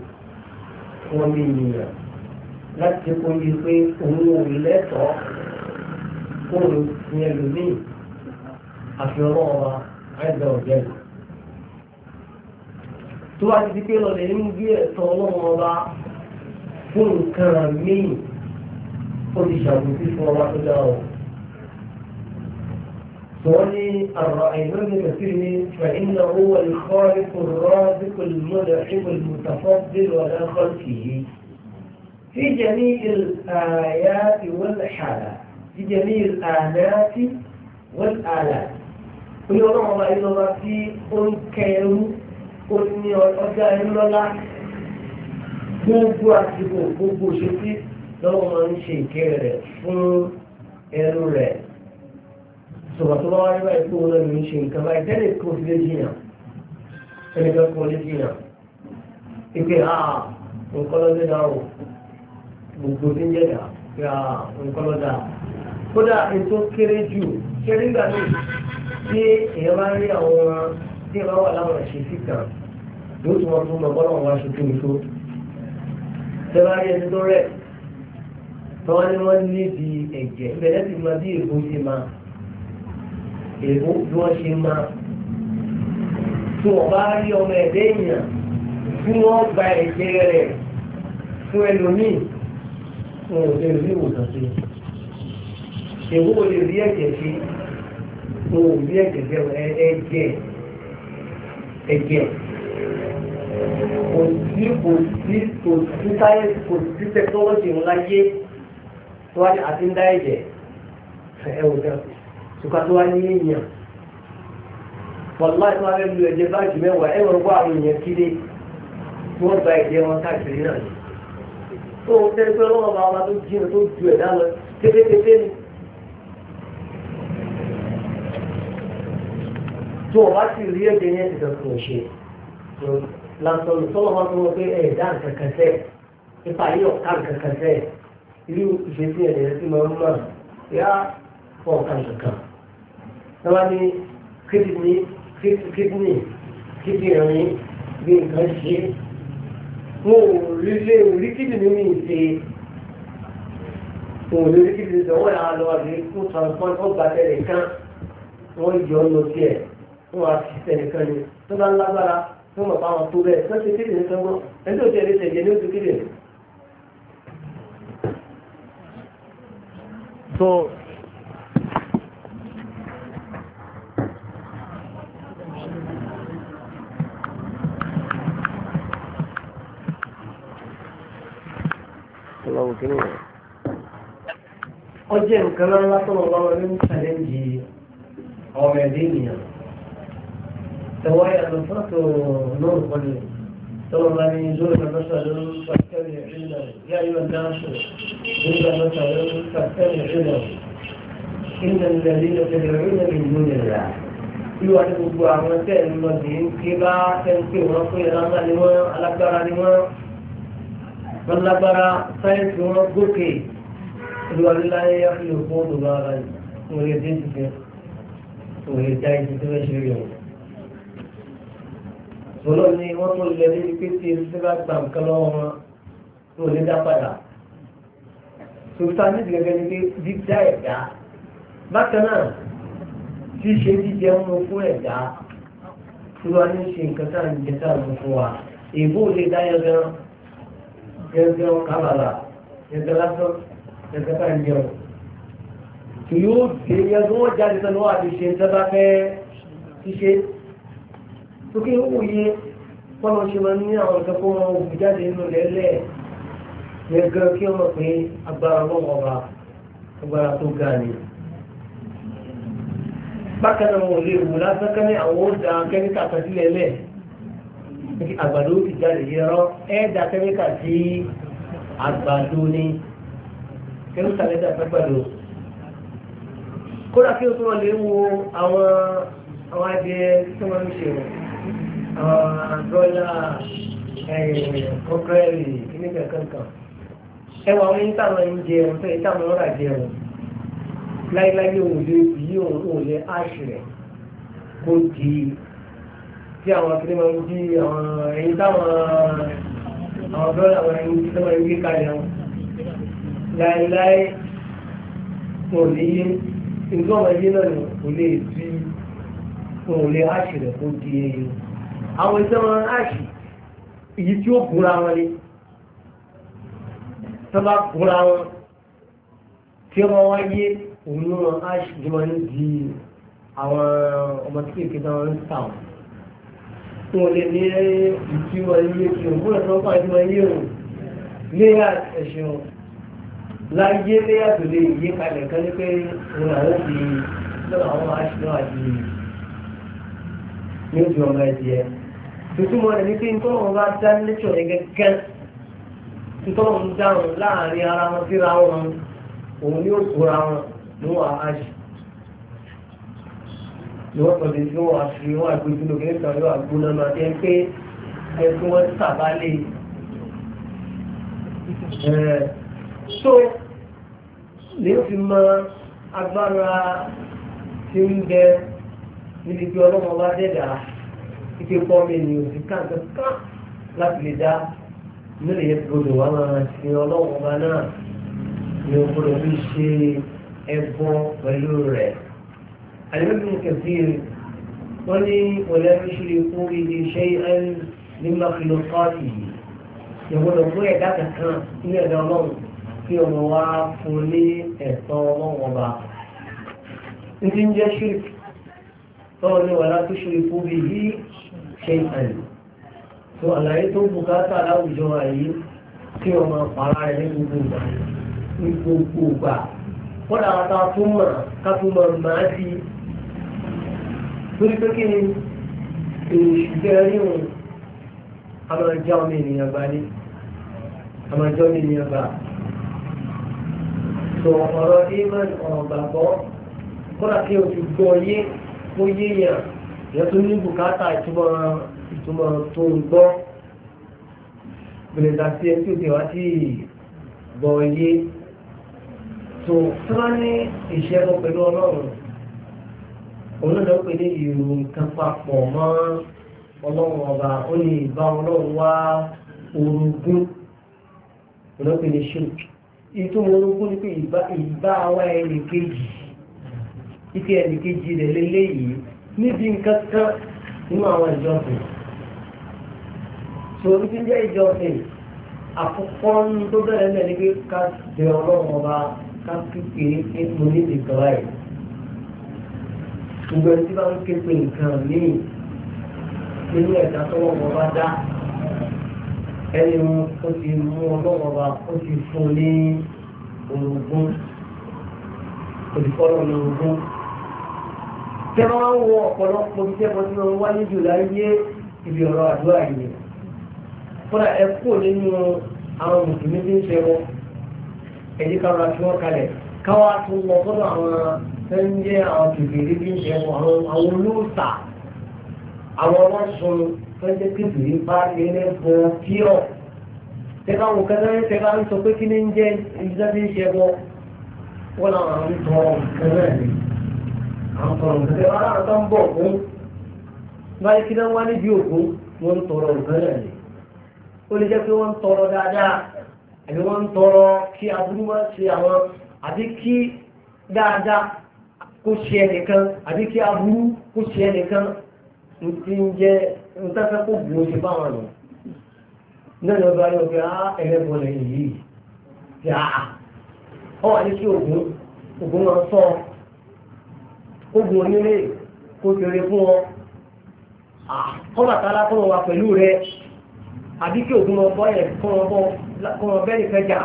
wọ́n lè yìnyín láti kó yí pé òun ò lẹ́tọ̀ọ́ òun ní ẹlòmíì àfi ọlọ́wọ́ wa ẹgbẹ́ ọ̀jẹ́ ni tó wá ti di pé lọ́lẹ̀ ń gbé ẹ̀tọ́ ọlọ́wọ́ wa fún nǹkan míì ó ti ṣàbùkù fún ọba tó dá ọ. ولي الرأيون مثله فإنه هو الخالق الرازق المنعم المتفضل على خلقه في جميع الآيات والحالات في جميع الآيات والآلات كل يوم ما إلا الله في أن كيرو أن يرجع إلا الله gbogbo àsìkò gbogbo ṣe tí lọ́wọ́ máa ń ṣe ìkẹ́ fún ẹrú rẹ̀ sọ̀rọ̀ tó wáyé báyìí pé òun náà ló ń ṣe nǹkan báyìí tẹ́lẹ̀ kó fi lé jìnnà ẹni kan kó lé jìnnà ìpè ha nǹkan lọ́dẹ dá o gbogbo tí ń jẹ́ dà pé ha nǹkan lọ́dà kódà ètò kéré jù kéré gbà mí tí èèyàn bá rí àwọn tí èèyàn bá wà láwọn ẹ̀ṣẹ̀ sí yóò tún wọn tún lọ bọ́ láwọn aṣọ kí ni tó tẹ́ bá rí ẹni tó rẹ̀ tọ́wọ́ ni wọ́n ní èèbó bí wọ́n ṣe máa tí wọ́n bá rí ọmọ ẹ̀dẹ́ èèyàn tí wọ́n gba ẹ̀jẹ̀ rẹ̀ fún ẹlòmíì wọn ò lè rí ìwòsàn sí èèbó ò lè rí ẹ̀jẹ̀ sí wọn ò rí ẹ̀jẹ̀ sí ẹ̀jẹ̀ ẹ̀jẹ̀ kò sí kò sí kò sí sáyẹ́nsì kò sí tẹkinọ́lọ́jì ńlá yé tó wá àti ń dá ẹ̀jẹ̀ ẹ̀ ò dẹ́kun ṣùgbọ́n tó wá ní èèyàn wàlúwà tó wá fẹ́ lu ẹ̀jẹ̀ wá àwọn rí ẹ̀jẹ̀ yẹn tẹ̀sán tó o ṣe lásán sọ́wọ́n máa ń wọ pé ẹ̀dá nǹkan kan sẹ́ẹ̀ nípa yìí ọ̀ká nǹkan kan sẹ́ẹ̀ irú ìṣesí ẹ̀dẹ̀ tí mo ń mọ̀ yá fọ́ nǹkan kan wọ́n ní kídìní kídìní kídìrín bí nǹkan ṣe wọn ò rí lé orí kídìní mi ṣe wọn ò rí orí kídìní ṣe wọ́n yàrá lọ́wọ́ àbí kó transport wọ́n gba tẹ̀lé kan wọ́n yọ ọ́ lọ sí ẹ̀ wọ́n á fi tẹ̀lé kan ni tó bá ń lágbára tó mọ̀ fáwọn tó bẹ́ẹ̀ tó ṣe kídìní kan gbọ́ ẹni tó tẹ̀lé tẹ̀lé ní oṣù kídìní. lọ́wọ́ kí nìyẹn. ọjọ́ nǹkan ńlá tọ́lọ̀ lọ́wọ́ ní ṣàlẹ́ǹjì ọmọ ẹ̀dẹ́ ènìyàn tẹ̀wọ́ àlùfáàtò náà kọ́lé tọ́lọ̀ bá ní lórí ọ̀nàṣà lórí pàtẹ́lì ìrìnà yá yóò dáhùn lórí ọ̀nàṣà lórí pàtẹ́lì ìrìnà ìrìnà ìrìnà ìrìnà ìrìnà ìrìnà wíwá ní gbogbo àwọn tẹ́ẹ̀ ń lọ sí ń ké bá tẹ́ ń pè wọ́n pé alágbára ni wọ́n alágbára ni wọ́n wọ́n lágbára sáyẹ́ǹsì wọn gòkè olùwàlúláyé yáfíò fún olùwà ara yìí wọ́n lè dé ìdíje wọ́n lè dá ìdíje tó ṣe rí ọ̀hún. Sọlọ́ ni wọ́n tó lẹ níbi pé tí ẹni tí bá gbà nǹkan lọ́wọ́ wọn tó lè dá padà. Sọ̀tà ní ìgbẹ́gẹ́ ni pé dídá ẹ̀dá. Bákan náà, ṣíṣe jíjẹ ń mu fún ẹ̀dá. Olúwa ní ṣe nǹkan tá à ń jẹ tá à ń fún wa. Èbó lè dá yẹn gan-an gẹ́gẹ́ kábàlà gẹ́gẹ́ lásán gẹ́gẹ́ ká ń yẹun tí yóò dé yẹn tí wọ́n jáde sanu wà lè ṣe ń tẹ́lá fẹ́ ṣíṣe tókè òye kọ́nà ṣe máa ní àwọn nǹkan kó wọn òkú jáde nínú lẹ́lẹ̀ yẹn gan kí wọ́n mọ̀ pé agbára lọ́wọ́ wa agbára tó ga ni bákan náà wọn ò lè wò lásán kẹ́ni àwọn ó da kẹ́míkà kan sílẹ̀ lẹ́ẹ̀ kí àgbàdo ti jáde yẹrọ ẹ̀ẹ́dà kẹ́míkà sí àgbàdo ni kẹ́míkà lẹ́dà fẹ́gbàdo kódà kí o tó lè wo àwọn àwọn adìẹ tí wọ́n ń ṣe àwọn brọ́lá kọ́kẹ́rì kìnnìkan kankan ẹwà wọn ní táwọn ń jẹ ẹ̀rọ tẹ́lẹ̀ táwọn ọ̀rà jẹ ẹ̀rọ láíláí òun lè yí òun lè áṣì rẹ̀ kó di tí àwọn akéde máa ń jí àwọn ẹyin táwọn àwọn fẹ́ràn àwọn ẹyin tí wọ́n máa ń gbé kalẹ̀ wọn. láéláé wọn ò lè yé nǹkan ọmọ ẹyẹ náà kò lè fi wọn ò lè áṣì rẹ̀ kó di ẹyin. àwọn iṣẹ́ wọn áṣì èyí tí ó búra wọn ni tọ́ba búra wọn tí wọ́n wáyé òun náà áṣì jùmọ̀ ní di àwọn ọmọ tí kìí kí ń ta tí wọ́n ní ìtiwọ̀ ilé kí o múlẹ̀ tó fà ìmọ̀ ayé léyà ẹ̀ṣẹ̀ láyé léyà tó lè yí kalẹ̀ kan ní pé òun àwọn ti lọ́wọ́ àwọn aṣọ àti ní oṣù ọmọ ẹ̀dìẹ tuntun wọn ní pé nítorí wọn bá dá lẹ́tọ̀ yẹn gẹ́gẹ́ nítorí wọn dáhùn láàrin ara wọn síra wọn òun yóò kóra wọn ní wọn ni wọ́n tọ̀lé tí wọ́n aṣọ wọn àgbo ìdúró kí nìkan yóò àgbo náà máa jẹ́ pé ẹ̀sùn wọn sábà lè. so lè fi mọ agbára tí ń bẹ níbi tí ọlọ́mọ bá dẹ̀dà ike pọ́ mi o òsì káàkiri kan láti lè dá nílẹ̀ yẹn gbọdọ̀ wá máa ṣe ọlọ́mọ bá náà ni o gbọdọ̀ fi ṣe ẹbọ pẹ̀lú rẹ̀ àyẹ̀wò kẹfìrì wọ́n ní wọlé ṣílẹ̀ fún ilé iṣẹ́ ẹ̀ń ní mọ́kìlọ́ kọ́ọ̀tì yìí ìwọ̀nà fún ẹ̀dá kankan ní ẹ̀dá ọlọ́run kí ọmọ wa fún ní ẹ̀tọ́ ọlọ́run ọba ní ti ń jẹ́ ṣílẹ̀ tọ́wọ́ ní wọlé tó ṣílẹ̀ fún ilé iṣẹ́ ẹ̀ń tó àlàyé tó bùkátà láwùjọ àyè kí ọmọ pàrà rẹ̀ ní gbogbo ìgbà ní gbogbo ìgbà wọ́n mọ̀ ká tó mọ̀ máa torí pé kí ni ìṣẹ́ríhùn àmàjá omi ènìyàn bá ní àmàjá omi ènìyàn bá sọ ọ̀rọ̀ iman ọ̀rọ̀ gbàgbọ́ kọ́lá kí o ti gbọ́ yé kó yé yàn yẹn tó ní bùkátà ìtumọ̀ ìtumọ̀ tó ń gbọ́ gbèlè dàtí ẹ tí o ti wá sí gbọ́ yé tó tí wọ́n ní ìṣẹ́gun pẹ̀lú ọlọ́run òun náà lọ́pẹ́ ní ìròyìn kan papọ̀ mọ́ ọlọ́run ọba ó lè bá ọlọ́run wá orogún lọ́pẹ́ ní ṣírk ìtumọ̀ orogún ni pé ìbá wa ẹnì kejì ike ẹnì kejì rẹ̀ lélẹ́yìí níbi nǹkan kan nínú àwọn ìjọsìn sọ̀rọ̀ tí ń jẹ́ ìjọsìn àkọ́kọ́ tó bẹ̀rẹ̀ ní ẹni pé ká bẹ ọlọ́run ọba ká kékeré pé mo ní ìgbà báyìí ìgbẹ́ tí bá ń ké nǹkan míì nínú ẹ̀dá tó wọ́n bá dá ẹni wọn ó ti mú ọlọ́wọ́ bá ó ti fún ní orogún olùkọ́lọ́ ní orogún. tẹ́ bá ń wọ ọ̀pọ̀lọpọ̀ bí tẹ́kọ̀ọ́ tí wọ́n wáyé jù láyé ibi ọ̀rọ̀ àdúrà yìí fúnra ẹ kúrò nínú àwọn mùsùlùmí tí ń ṣe wọn èyí káwọn aṣọ wọn kalẹ̀ káwọn aṣọ wọn fọ́nà àwọn tó ń jẹ́ àwọn kìkìrí bí ń jẹ àwọn olóòtà àwọn ọlọ́sùn tó ń jẹ́ kìkìrí bá ilé bọ píọ̀ tẹ́ka wò kẹ́kẹ́ ní tẹ́ka ń sọ pé kí ni ń jẹ́ ìjọba ń ṣe bọ́ wọ́n làwọn àwọn ń tọ́ kẹ́kẹ́ ní àwọn tọ̀rọ̀ kẹ́kẹ́ wọn làwọn tó ń bọ̀ fún báyìí kí náà wá níbi òkun wọ́n ń tọrọ ní ó lè jẹ́ pé wọ́n ń dáadáa àbí wọ́n ń kí kó ṣe ẹnìkan àbí kí aburú kó ṣe ẹnìkan ti ń jẹ́ ntáfẹ́ kó bu oṣù báwọn nù náà ni ọba yóò fi á ẹlẹ́bọn lẹ́yìn yìí ti á ọ wà ní kí oògùn oògùn máa sọ oògùn onílé kó kéré fún ọ kọ́bàtà lákùnrin wa pẹ̀lú rẹ àbí kí oògùn ọbọ yẹn kọ́ ọbọ kọ́ ọbẹ̀ nìkan jà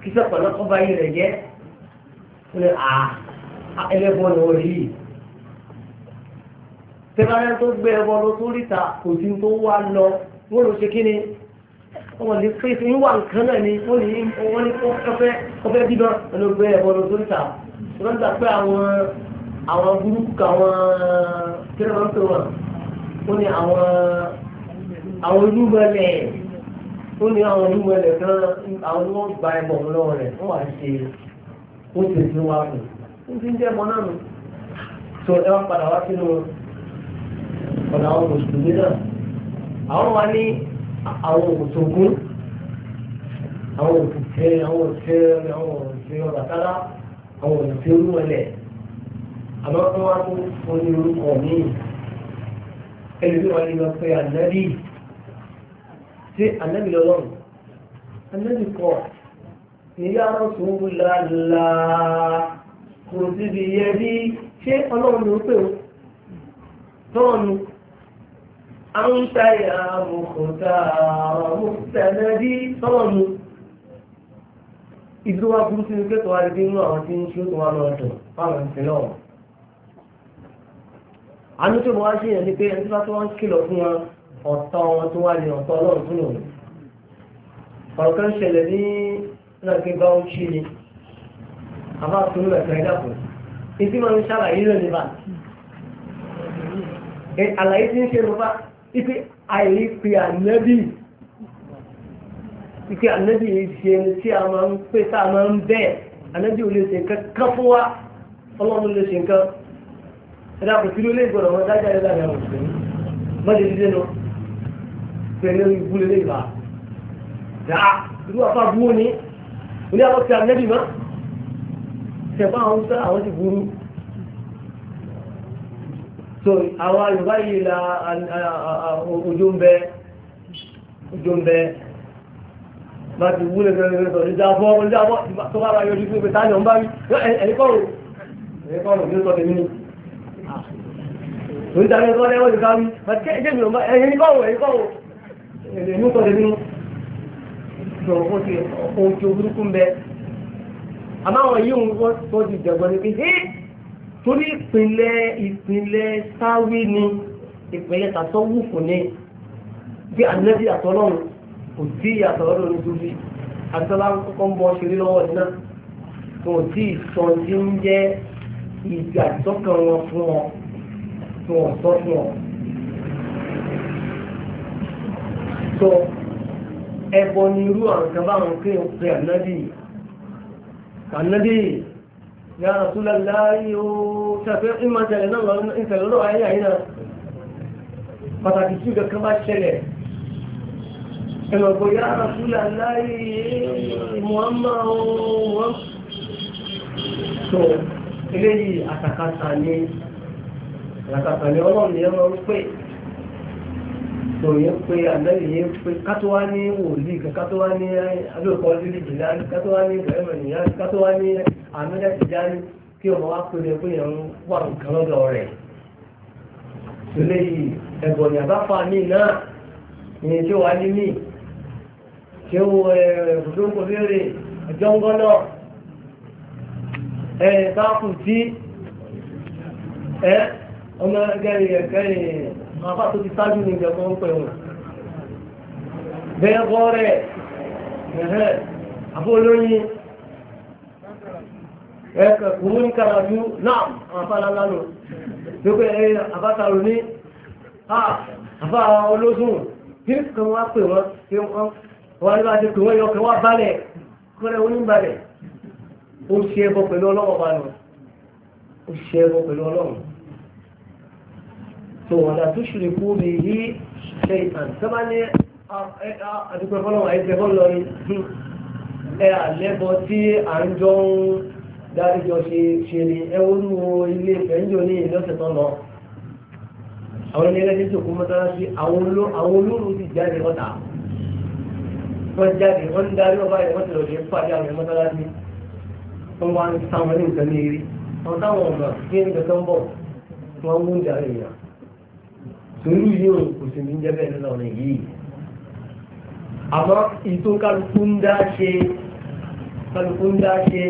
kí sọ̀pọ̀ náà kọ́ rẹ̀ jẹ́ ẹlẹ́bọ ni wọ́n rí tẹ́lárẹ́ tó gbé ẹbọ lọ tó ríta kò sí tó wá lọ wọ́n lọ ṣe kí ni wọ́n lè pè sí wà nǹkan náà ni wọ́n lè wọ́n ní kọ́fẹ́ kọ́fẹ́ bíbá ẹni gbé ẹbọ lọ tó ríta wọ́n gbà pé àwọn àwọn burúkú káwọn kílẹ̀ máa ń pè wọ́n ó ní àwọn àwọn olúmọlẹ̀ ó ní àwọn olúmọlẹ̀ kan àwọn ni wọ́n gba ẹbọ lọ́wọ́ rẹ̀ wọ́n wá ṣe ó ṣe sí fún un ń ti ń jẹ́ ẹbọ náà nù so ẹ wá padà wá sínú ọ̀nà àwọn mùsùlùmí náà àwọn wa ní àwọn òṣogún àwọn òṣìṣẹ́ àwọn òṣìṣẹ́ àwọn òṣìṣẹ́ ọ̀bàtálá àwọn òṣìṣẹ́ olúwẹ̀lẹ̀ àmọ́ wọ́n wá tó oní orúkọ míì ẹlòmí wọn ni wọn pe ànábì sí ànábì lọ́lọ́run ànábì kọ́ ìyá ọ̀sùn wúlálá kò síbi yẹ bí ṣé ọlọ́run ló pè ó tọ́ọ̀nù àwọn táyà mọ̀kọ̀tà mọ̀tẹ́lẹ́dí tọ́ọ̀nù ìdúró wa burú sínú kẹ́tọ̀ wa lè dé àwọn tí ń ṣe tó wà lọ́dọ̀ fáwọn ìpínlẹ̀ ọ̀hún àánú tó wá sí yẹn ni pé ẹni tó bá tó wá ń kìlọ̀ fún wọn ọ̀tọ̀ wọn tó wá ní ọ̀tọ̀ ọlọ́run tó lòun ọ̀rọ̀ kan ṣẹlẹ̀ ní nàìjíríà àbá tó lọ ẹ̀sẹ̀ ẹ̀dá fún un ìdí máa ń ṣàlàyé lọ nípa àlàyé tí ń ṣe lọ́pá ipe àìrí pe ànábì ipe ànábì yìí ṣe tí a máa ń pè tá a máa ń bẹ̀ ànábì ò lè ṣe nǹkan kan fún wa ọlọ́run lè ṣe nǹkan ẹ̀dá kò sí lólè ìgbọ̀nà wọn dájà ẹ̀dá rẹ̀ wọ̀n mọ́jẹ̀ dídé nu pẹ̀lú ìbúlé lè dáa irú àfa bú ni ó ní àwọn ti ànábì máa tẹ̀pá àwọn fẹ́ àwọn ti burú so àwọn yorùbá yìí la ojú ń bẹ ojú ń bẹ bá ti wúlẹ̀ gẹ́gẹ́ sọ ìjà bọ́ ìjà bọ́ tó bá ra yọjú pé táyọ̀ ń bá rí ẹ̀yìn kọ́rù ẹ̀yìn kọ́rù ní sọ tèmi ni torí ta ní sọ́dẹ́ wọ́n ti ká rí ẹ̀yìn kọ́rù ẹ̀yìn kọ́rù ẹ̀yìn sọ tèmi ni so ó ti ohun tí ó burúkú ń bẹ àbáwọn yìí ń wọ́n ti jẹ̀gbọ́n ní pé ẹ́ torí ìpínlẹ̀ ìpínlẹ̀ sáwí ni ìpínlẹ̀ tàtọ́wùfù ni bí ànábì àtọ́lọ́run kò tí ìyàtọ̀ lọ́dọ̀ ní dúdú àtọ́lá kọ́kọ́ ń bọ́ ṣeré lọ́wọ́ iná kò tí ìsọ tí ń jẹ́ ìgbà tọ́kàn wọn fún ọ fún ọ sọ fún ọ. sọ ẹbọ ni irú àwọn kéèyàn pe ànábì yìí kànáàbí ya Rasulullah ṣàfẹ́ ìmọ̀ tẹ̀lẹ̀ náà lọ ìtẹ̀lẹ̀ lọ́wọ́ ayé àyínà pàtàkì tí ìgbà kan bá ṣẹlẹ̀ ẹ̀lọ́gbọ̀ ya Rasulullah Muhammad wọn tó eléyìí àtàkàtà ni àtàkàtà ni ọlọ́run ni tó yẹ pé àlẹ́lì yẹ pé kátówá ní wòlíì kátówá ní abẹ́òkọ́ lílì jìlá kátówá ní ìbẹ̀rẹ̀ nìyá kátówá ní àmẹ́lẹ̀ ìjà ní kí ọmọ wa pé ẹ pé ẹ̀rọ wà nǹkan lọ́dọ̀ rẹ̀ eléyìí ẹ̀bọ̀ ní àbáfà mi náà ní tí wàá ní mí tí ó ẹ̀ẹ́dọ́gbọ̀n léèrè ọjọ́ ń gọ́nà ẹ̀ẹ́dáàkù tí ẹ̀ ọmọ ẹgbẹ́ àwọn bá tó ti sáájú ní ìjọba ń pè wọn. bẹ́ẹ̀ bọ́ rẹ̀ ẹ̀hẹ́ àbó olóyin ẹ̀kọ̀ kùnú ní kàràjú náà àwọn afá lálánù lókè ẹ̀yẹ àbátàrò ní àbá olóṣùn kí ní kan wá pè wọ́n kí wọ́n wá ní bá ṣe pè wọ́n yọ kí wọ́n balẹ̀ kọ́rẹ́ oníbalẹ̀ ó ṣe ẹbọ pẹ̀lú ọlọ́wọ́ bá lọ ó ṣe ẹbọ pẹ̀lú ọlọ́wọ́ tó wọn là tó ṣùlẹ̀ kú mi yí ṣe ìtàn sábà ní àdúgbò fọlọ́wọ́ ẹgbẹ́ fọlọ́ ẹ àlẹ́bọ tí à ń jọ ń dáríjọ ṣe ṣe ni ẹ wọnú ilé ìfẹ́ ń jò ní ìlọ́sẹ̀ tó lọ àwọn ilé ẹlẹ́dẹ́ tó kún mọ́tàlásí àwọn olóòrùn ti jáde ọ̀tà wọ́n jáde wọ́n ń darí ọba ìwọ́n ti lọ́dẹ̀ pàdé àwọn mọ́tàlásí wọ́n wá ń sáwọn ní nǹkan ní eré àwọn táwọn ọ̀nà kí ní kankan torí yóò kò sí ní jẹ́ bẹ́ẹ̀ lọ́nà yìí àmọ́ ìtò kálukú ń dá ṣe kálukú ń dá ṣe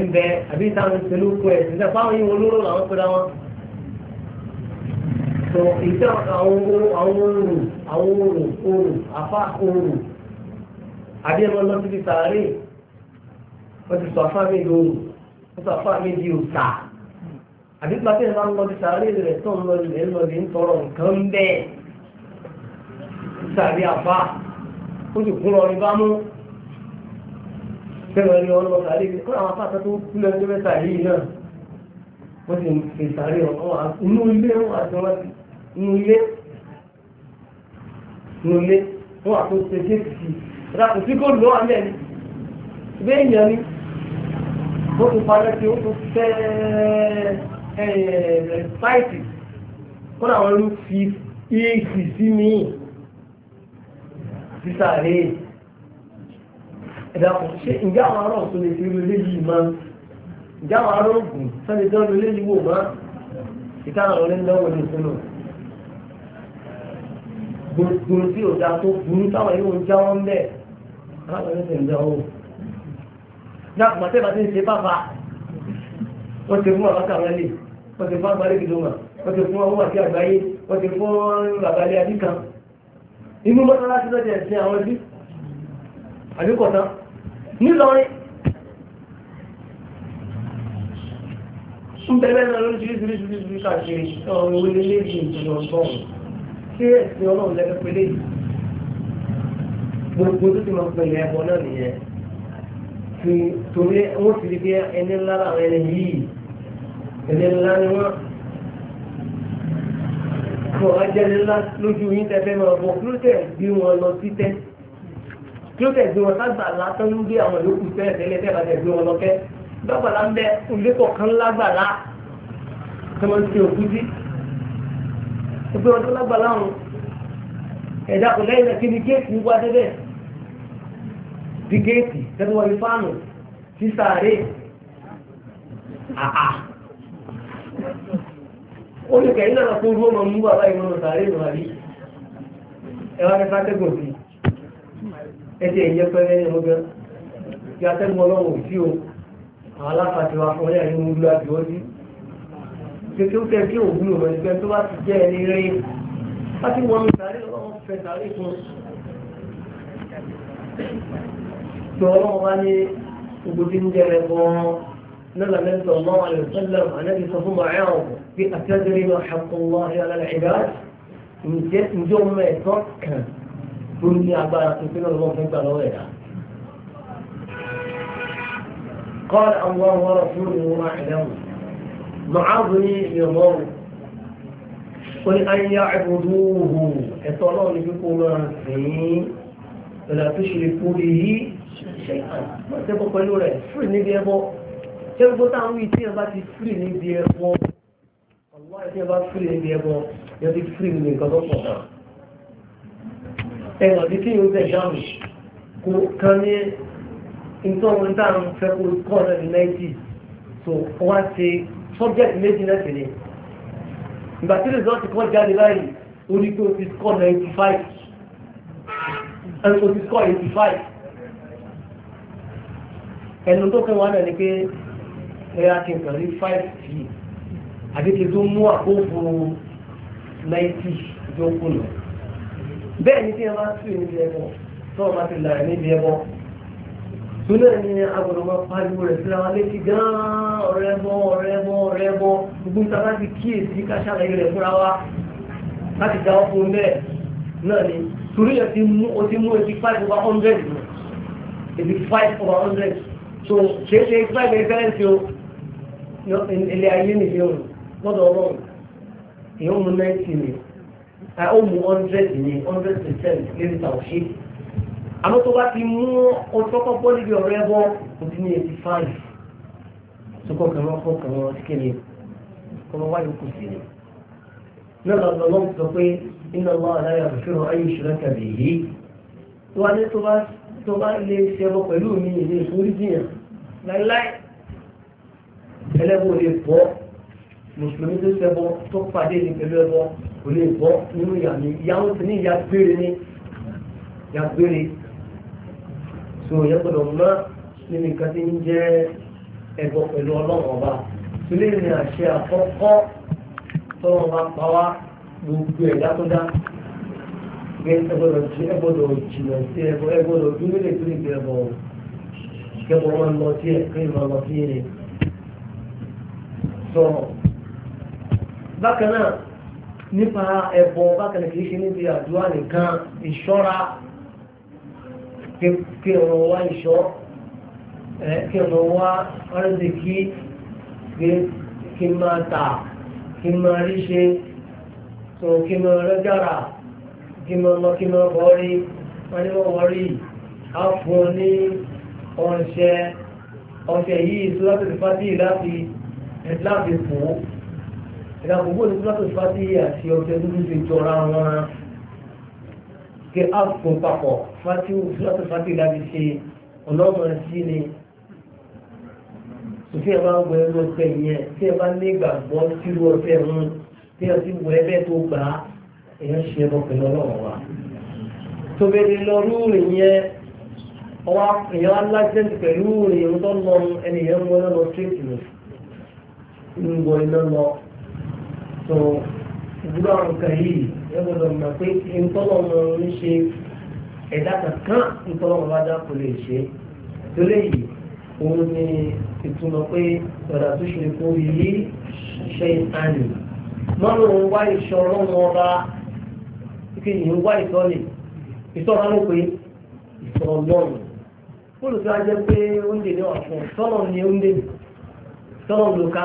ń bẹ àbí táwọn pẹ̀lú kọ ẹ̀ ṣẹ̀ṣẹ̀ fáwọn yìí wọn lóró làwọn pẹ̀lú àwọn sọ ìtẹ́ àwọn oòrùn àwọn oòrùn oòrùn afá oòrùn àbí ẹ̀rọ lọ síbi wọ́n ti sọ afá mi di wọ́n sọ afá mi di òòsà àbí pàtẹ́ ìbá ń lọ bí sàárè rẹ̀ tó ń lọ ilẹ̀ lọ bí ń tọrọ nǹkan bẹ́ẹ̀ sàárè àfà ó sì kún lọ́ọ́ ibà mú fẹ́ràn ẹni ọlọ́ sàárè rẹ̀ kó àwọn afáàtà tó kú lẹ́nu tó fẹ́ yìí náà wọ́n sì ń fi sàárè ọ̀hún inú ilé wọn àti wọn ti inú ilé inú ilé wọn àti oṣù tẹ̀sí ti ràpò sí kó lọ́ọ́ àmì ẹni bẹ́ẹ̀ yẹn ni wọ́n ti parẹ́ tí ó tún ṣáìtì eh, kódà wọn ló fi éèkì sí mi sísàlẹ̀ ẹ̀dá ṣe ǹjẹ́ àwọn ará ọ̀tún lè fi lélẹ́ yìí mọ́ ǹjẹ́ àwọn ará ògùn sọ́ni tó lélẹ́ yìí wò mọ́ ìtàn àwọn onídàáwọ̀ ní ìsinmi gbogbo tí ò tó burú táwọn yóò jáwọ́ ń bẹ̀ aláwọ̀ ní ìsinmi jáwọ́ dákùmọ̀ tẹ́lẹ̀ bá ti ń ṣe bàbá wọ́n ti mú wọ́n ti fún agbálẹ̀ ìdòmà wọ́n ti fún ọwọ́ àti àgbáyé wọ́n ti fún bàbálẹ̀ àbí kan inú mọ́sálásí lọ́jọ́ ẹ̀sìn àwọn ẹbí àbíkọ̀tá nílọrin ń bẹ̀rẹ̀ náà lóríṣiríṣiríṣiríṣi káàkiri ọ̀rọ̀ ìwé lélẹ́yìn ìjọba ọ̀gbọ́n ṣé ẹ̀sìn ọlọ́run lẹ́gbẹ́ pé léyìí gbogbo tó ti máa pẹ̀lẹ́ ẹ̀bọ náà nìyẹn torí wọ́n ti rí bí ẹni lára àwọn ẹni yìí ẹni ńlá ni wọ́n kọ̀ wá jẹ́ni ńlá lójú yín tẹ́fẹ́ máa bọ̀ kí ló tẹ̀ gbé wọn lọ sí tẹ́ kí ló tẹ̀ gbé wọn ságbà látọ́ ń gbé àwọn yòókù tẹ́lẹ̀ tẹ́lẹ̀ tẹ́ bá tẹ̀ gbé wọn lọ kẹ́ gbàgbàlá ń bẹ ìlékọ̀ kan lágbàlá tó olùkẹ́ iná kó rú ọmọ mú bàbá ìwọ̀n sàárè ìwọ̀n àbí ẹwà ní fàtẹ́gùn sí ẹ̀jẹ̀ ìyẹ́ pẹ́rẹ́ ní ọgbẹ́ kí atẹ́gùn ọlọ́run ò sí o àwọn aláfàtì wa fún ẹ̀yà ní mú lọ àbí wọ́n sí kékeré ó tẹ́ kí òwúlò mọ̀ nígbẹ́ tó bá ti jẹ́ ẹni rẹ̀ láti wọ́n mi sàárè ọlọ́run fẹ́ sàárè fún tó ọlọ́run wá ní gbogbo ń jẹ́ لما النبي صلى الله عليه وسلم النبي صلى الله عليه وسلم أتدري ما حق الله على العباد من mẹ́ẹ̀tọ́ من tó ما agbára كل fi عبارة fún ìgbà lọ́wọ́ ẹ̀dá. قال الله ورسوله ما أعلم معاذني يمر قل أن يعبدوه اطلعوا لكم فيه لا تشركوا به شيئا ما تبقى له فرني بيبقى ṣé gbogbo táwọn wí tí ẹ bá ti free níbi ẹbọ ọlọ́ ẹ tí ẹ bá free níbi ẹbọ yóò ti free níbi nǹkan tó pọ̀ náà ẹ̀rọ ti kí yóò bẹ̀ dáhùn kò kan ní ìtọ́wọ́n táwọn fẹ́ kó kọ́ náà ní náìjì so wọ́n ti subject méjì náà sì ni ìgbà tí result kan jáde báyìí orí pé o ti score ninety five ẹni o ti score eighty five ẹnu tó kẹwàá náà ni pé ẹ̀yà kí n kàn rí five p àbí kí n tó mú àkókò ninety tó kù lọ. bẹ́ẹ̀ ni tí ẹ máa tún ìníbi ẹbọ tó o máa ti là níbi ẹbọ tó náà ni agbọ̀dọ̀ máa pariwo rẹ̀ síra wa létí gan-an ọ̀rẹ́ bọ́ ọ̀rẹ́ bọ́ ọ̀rẹ́ bọ́ gbogbo níta bá ti kíyèsí ká ṣàlàyé rẹ̀ fúnra wa láti dá ọkùnrin bẹ́ẹ̀ náà ni torí ẹ̀ ti mú o ti mú eighty five over hundred eighty five over hundred so ṣeéṣe eighty five eighty seven ti o ilé ayé nìyí òun lọ́dọ̀ ọlọ́run èèyàn mú náìtì ni ó mú hundred ni hundred percent lórí tàwọ̀ṣe àmọ́ tó bá ti mú ọtọ́kọ́ bọ́ níbi ọ̀rọ̀ ẹbọ kò dín ní eighty five tó kọ́ kẹrin ọkọ̀ kẹrin ọtí kẹrin kọ́mọ wáyé kù sí ni náà lọ́dọ̀ ọlọ́run sọ pé iná lọ́ àdáyà òfin ayé ìṣúná kàbí yìí tó wá ní tó bá lè ṣẹbọ pẹ̀lú mi ìlú ìfúrí jìyàn láíláí ẹlẹ́bọ̀ ò lè bọ́ mùsùlùmí tó ṣẹbọ tó pàdé ní pẹ̀lú ẹbọ ò lè bọ́ nínú ìyá mi ìyá wọn ti ní ìyá gbére ní ìyá gbére so ìyá gbọdọ̀ mọ́ nínú nǹkan tí ń jẹ́ ẹbọ pẹ̀lú ọlọ́run ọba tó lè rìn àṣẹ àkọ́kọ́ tọ́lọ́run bá pa wá gbogbo ẹ̀dá tó dá ẹgbọ́dọ̀ jí ẹgbọ́dọ̀ jìnà sí ẹgbọ́dọ̀ dúró lè dúró ìgbẹ́ ẹbọ ẹgbọ́dọ̀ wọn lọ sí ẹ̀ sọ̀rọ̀ bákan náà nípa ẹbọ bákan náà kìí ṣe níbi àdúrà nìkan ìṣọ́ra kí ọ̀rọ̀ wá ìṣọ́ kí ọ̀rọ̀ wá ọ̀rẹ́dẹ̀ kí kí máa tà kí máa rí ṣe tó kí máa rẹ́gàrà kí máa lọ kí máa bọ́ wọ́n ní wọ́n àfọ̀ ní ọ̀ṣẹ́ ọ̀ṣẹ́ yìí tó láti fàdí láti láti fò ó ẹ̀dá gbogbo ní sọ́tò fásitì àti ọ̀tẹ̀ dúdú ti jọra wọn kí á fò papọ̀ fásitì sọ́tò fásitì láti ṣe ọlọ́run sí ni tí ẹ bá ń wọ ẹrú ọ̀sẹ̀ yẹn tí ẹ bá ní ìgbàgbọ́ sírú ọ̀sẹ̀ mú tí ẹ ti wọ ẹbẹ tó gbà á èèyàn ṣe ẹbọ pẹ̀lú Ọlọ́run wa. tòbẹ̀lẹ̀ lọ rúurì yẹn ọwọ́ èèyàn aláṣẹ́ǹtì pẹ̀lú rìn tó lọ ẹnìyẹn ń wọlé lọ síríìtì lọ sí. ń wọ iná lọ tó ìdúró àwọn nǹkan yìí ẹ gbọ́dọ̀ mọ̀ pé kan kankan ìtọ́lọ̀ ọmọ bá dá kò lè ṣe torí òun ni ìtumọ̀ pé ọ̀dà tó ṣe kó yí ṣe àná mọ́nà ń wá ìṣọ̀rọ̀ wọn ra kí ni ń wá ìtọ́lẹ̀ ìtọ́ra ló pé ìtọ́rọ̀ lọ́rùn olùkọ́ ajẹ́ pé oúnjẹ ọ̀fun tọ́lọ̀ ni oúnjẹ tọ́lọ̀ ló ká.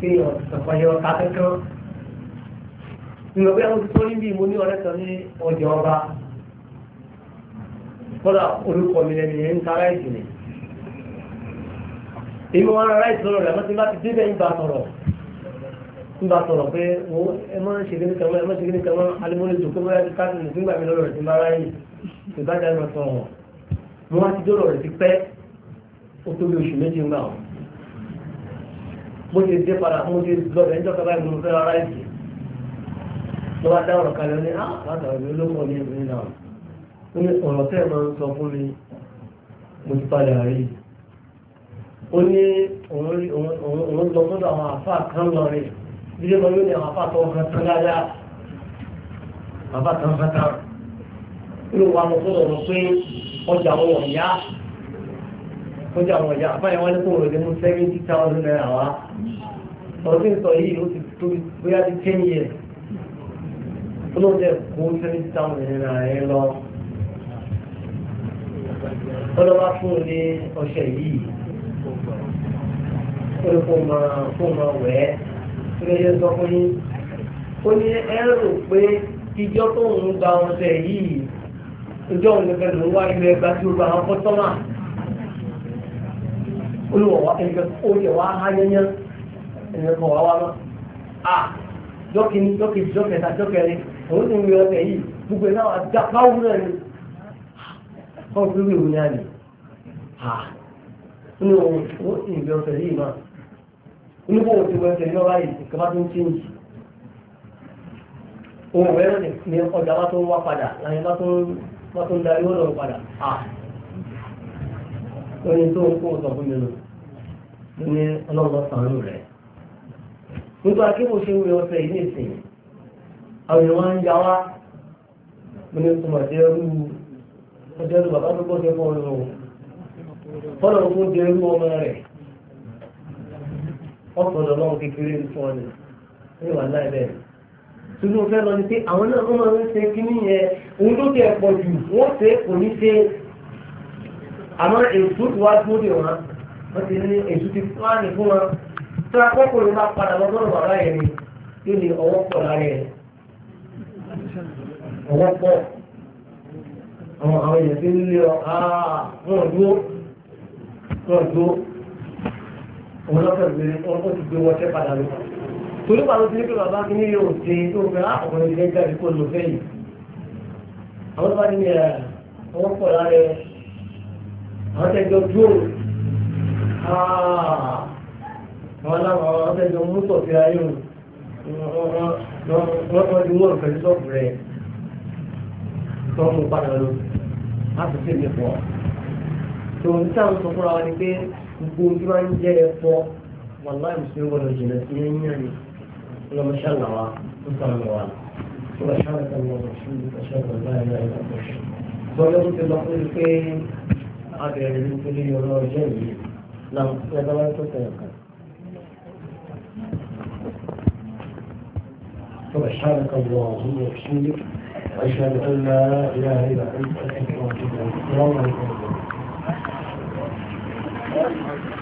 pé ọ̀sán yọ ta kankan ìrọ̀bí àwọn tó ní bí mo ní ọ̀rẹ́ kan ní ọjà ọba kọ́lá orúkọ mi lẹ́nu yẹn ń ta ráìsì ni èmi wọn ráìsì lọ́rọ̀ rẹ̀ mọ́tí láti débẹ̀ ń bá sọ̀rọ̀ ń bá sọ̀rọ̀ pé ẹ máa ń ṣe kíní kan mọ́ ẹ máa ń ṣe kíní kan mọ́ alimọ́lẹ́ jòkó mọ́ ẹni káàdì nìkan gbà mí lọ́rọ̀ rẹ̀ mo ti dé padà mo ti lọ bẹ̀ níjọ́ kaba ìmọ̀ fẹ́ rárá ìsì ló bá dá ọ̀rọ̀ kalẹ̀ ní àtàwọn ìlú lóko ní ìlú náà ó ní ọ̀rọ̀ tẹ́ máa ń sọ fún mi mo ti padà rí ó ní òun lọ sọ́dọ̀ àwọn àfa kan lọ rí bí ló máa ń ní àwọn àfa tó kan tán dáadáa àfa kan kan tán ó lè wà mọ́ sọ́dọ̀ wọn pé ọjà wọn yá tó jẹ́ àwọn ìyá àbáyé wọn ní kó mú seventy thousand naira wá ọ̀rọ̀ sọ yìí ó ti tó bóyá ti ten years ó ló ń kó seventy thousand naira yẹn lọ ọlọ́wà fún un ní ọṣẹ yìí ó ní kó máa kó máa wẹ̀ ẹ́ tó lè yẹ sọ fún yín ó ní ẹ rò pé ìjọ tó ń gba ọṣẹ yìí ìjọ òun nìkan ló ń wá ilé ẹgbàá tí ó gba àwọn kọ́tọ́mà. olùwọ̀wá ẹnìkan ó yẹ wá há yányán wá wá mọ́ à jọ́kìnní jọ́kìnní jọ́kẹta jọ́kẹrin òun ti ń wí ọ̀tẹ̀ yìí gbogbo ẹ̀ náà dá báwo ni kọ́ ń gbé ìwé náà ni à nínú òun ti ń wí ọ̀tẹ̀ yìí náà onígbò òun ti wọ ẹsẹ̀ yọ báyìí ìkàbá tó ń òun ọjà bá tó ń wá padà láyé bá tó ń darí ọ̀dọ̀ padà à. ó tó ń kó sọ fún mi nù ní ọlọ́run sàánù rẹ̀ nípa kí mo ṣe wúre ọ̀sẹ̀ yìí nìsín àwọn èèyàn ń ya wá mo ní kùmọ̀ dé ẹrú ọjọ́ ẹrú bàbá tó gbọ́dọ̀ fún ọ̀rọ̀ fọ́nà tó dé ẹrú ọmọ rẹ̀ ọ̀pọ̀lọpọ̀ ọlọ́run kékeré fún ọ ní ìwà láì bẹ́ẹ̀ tunu fẹ́ lọ ni pé àwọn náà wọ́n máa ń ṣe kíní yẹn òun ló tẹ̀ pọ̀ jù wọ́n ṣe kò ní ṣe àmọ́ èso tó wá tó dè wọn wọ́n ti ní èso ti pláàni fún wọn tó akọ́kùnrin bá padà lọ sọ́dọ̀ bàbá yẹn ni kí ni ọwọ́ pọ̀ lára yẹn ọwọ́ pọ̀ àwọn àwọn èèyàn ti ń lé ọ wọn dúró wọn dúró òun lọ́kàn gbé wọn ti gbé wọn tẹ́ padà lọ torí pàdé ti ní pé bàbá kí ní yóò ṣe tó fẹ́ ọkùnrin ilé jáde kó lọ fẹ́ yìí àwọn bá ní ọwọ́ pọ̀ lára yẹn àwọn tẹ́jọ dúró àwọn aláwọ̀ àwọn tẹ́jọ mú sọ̀ sí ayé wọn wọ́n ti mú ọ̀fẹ́ sọ́ọ̀bù rẹ̀ tó ń mú padà lọ láti ṣe lè pọ̀ tó ń sáà ni pé gbogbo ojú máa ń jẹ́ ẹ̀pọ̀ wàlá ìmùsùlùmí ni ọlọ́mọ ṣàlà wa ń sọ̀rọ̀ lọ wa wọ́n ṣàlà kan lọ́wọ́ ṣùgbọ́n abẹ̀rẹ̀ nítorí ọ̀rọ̀ ọjọ́ yìí náà ẹgbẹ́ wọn tó tẹ̀yọ̀ kan. سبحانك اللهم وبحمدك أشهد أن لا إله إلا أنت أستغفرك وأتوب إليك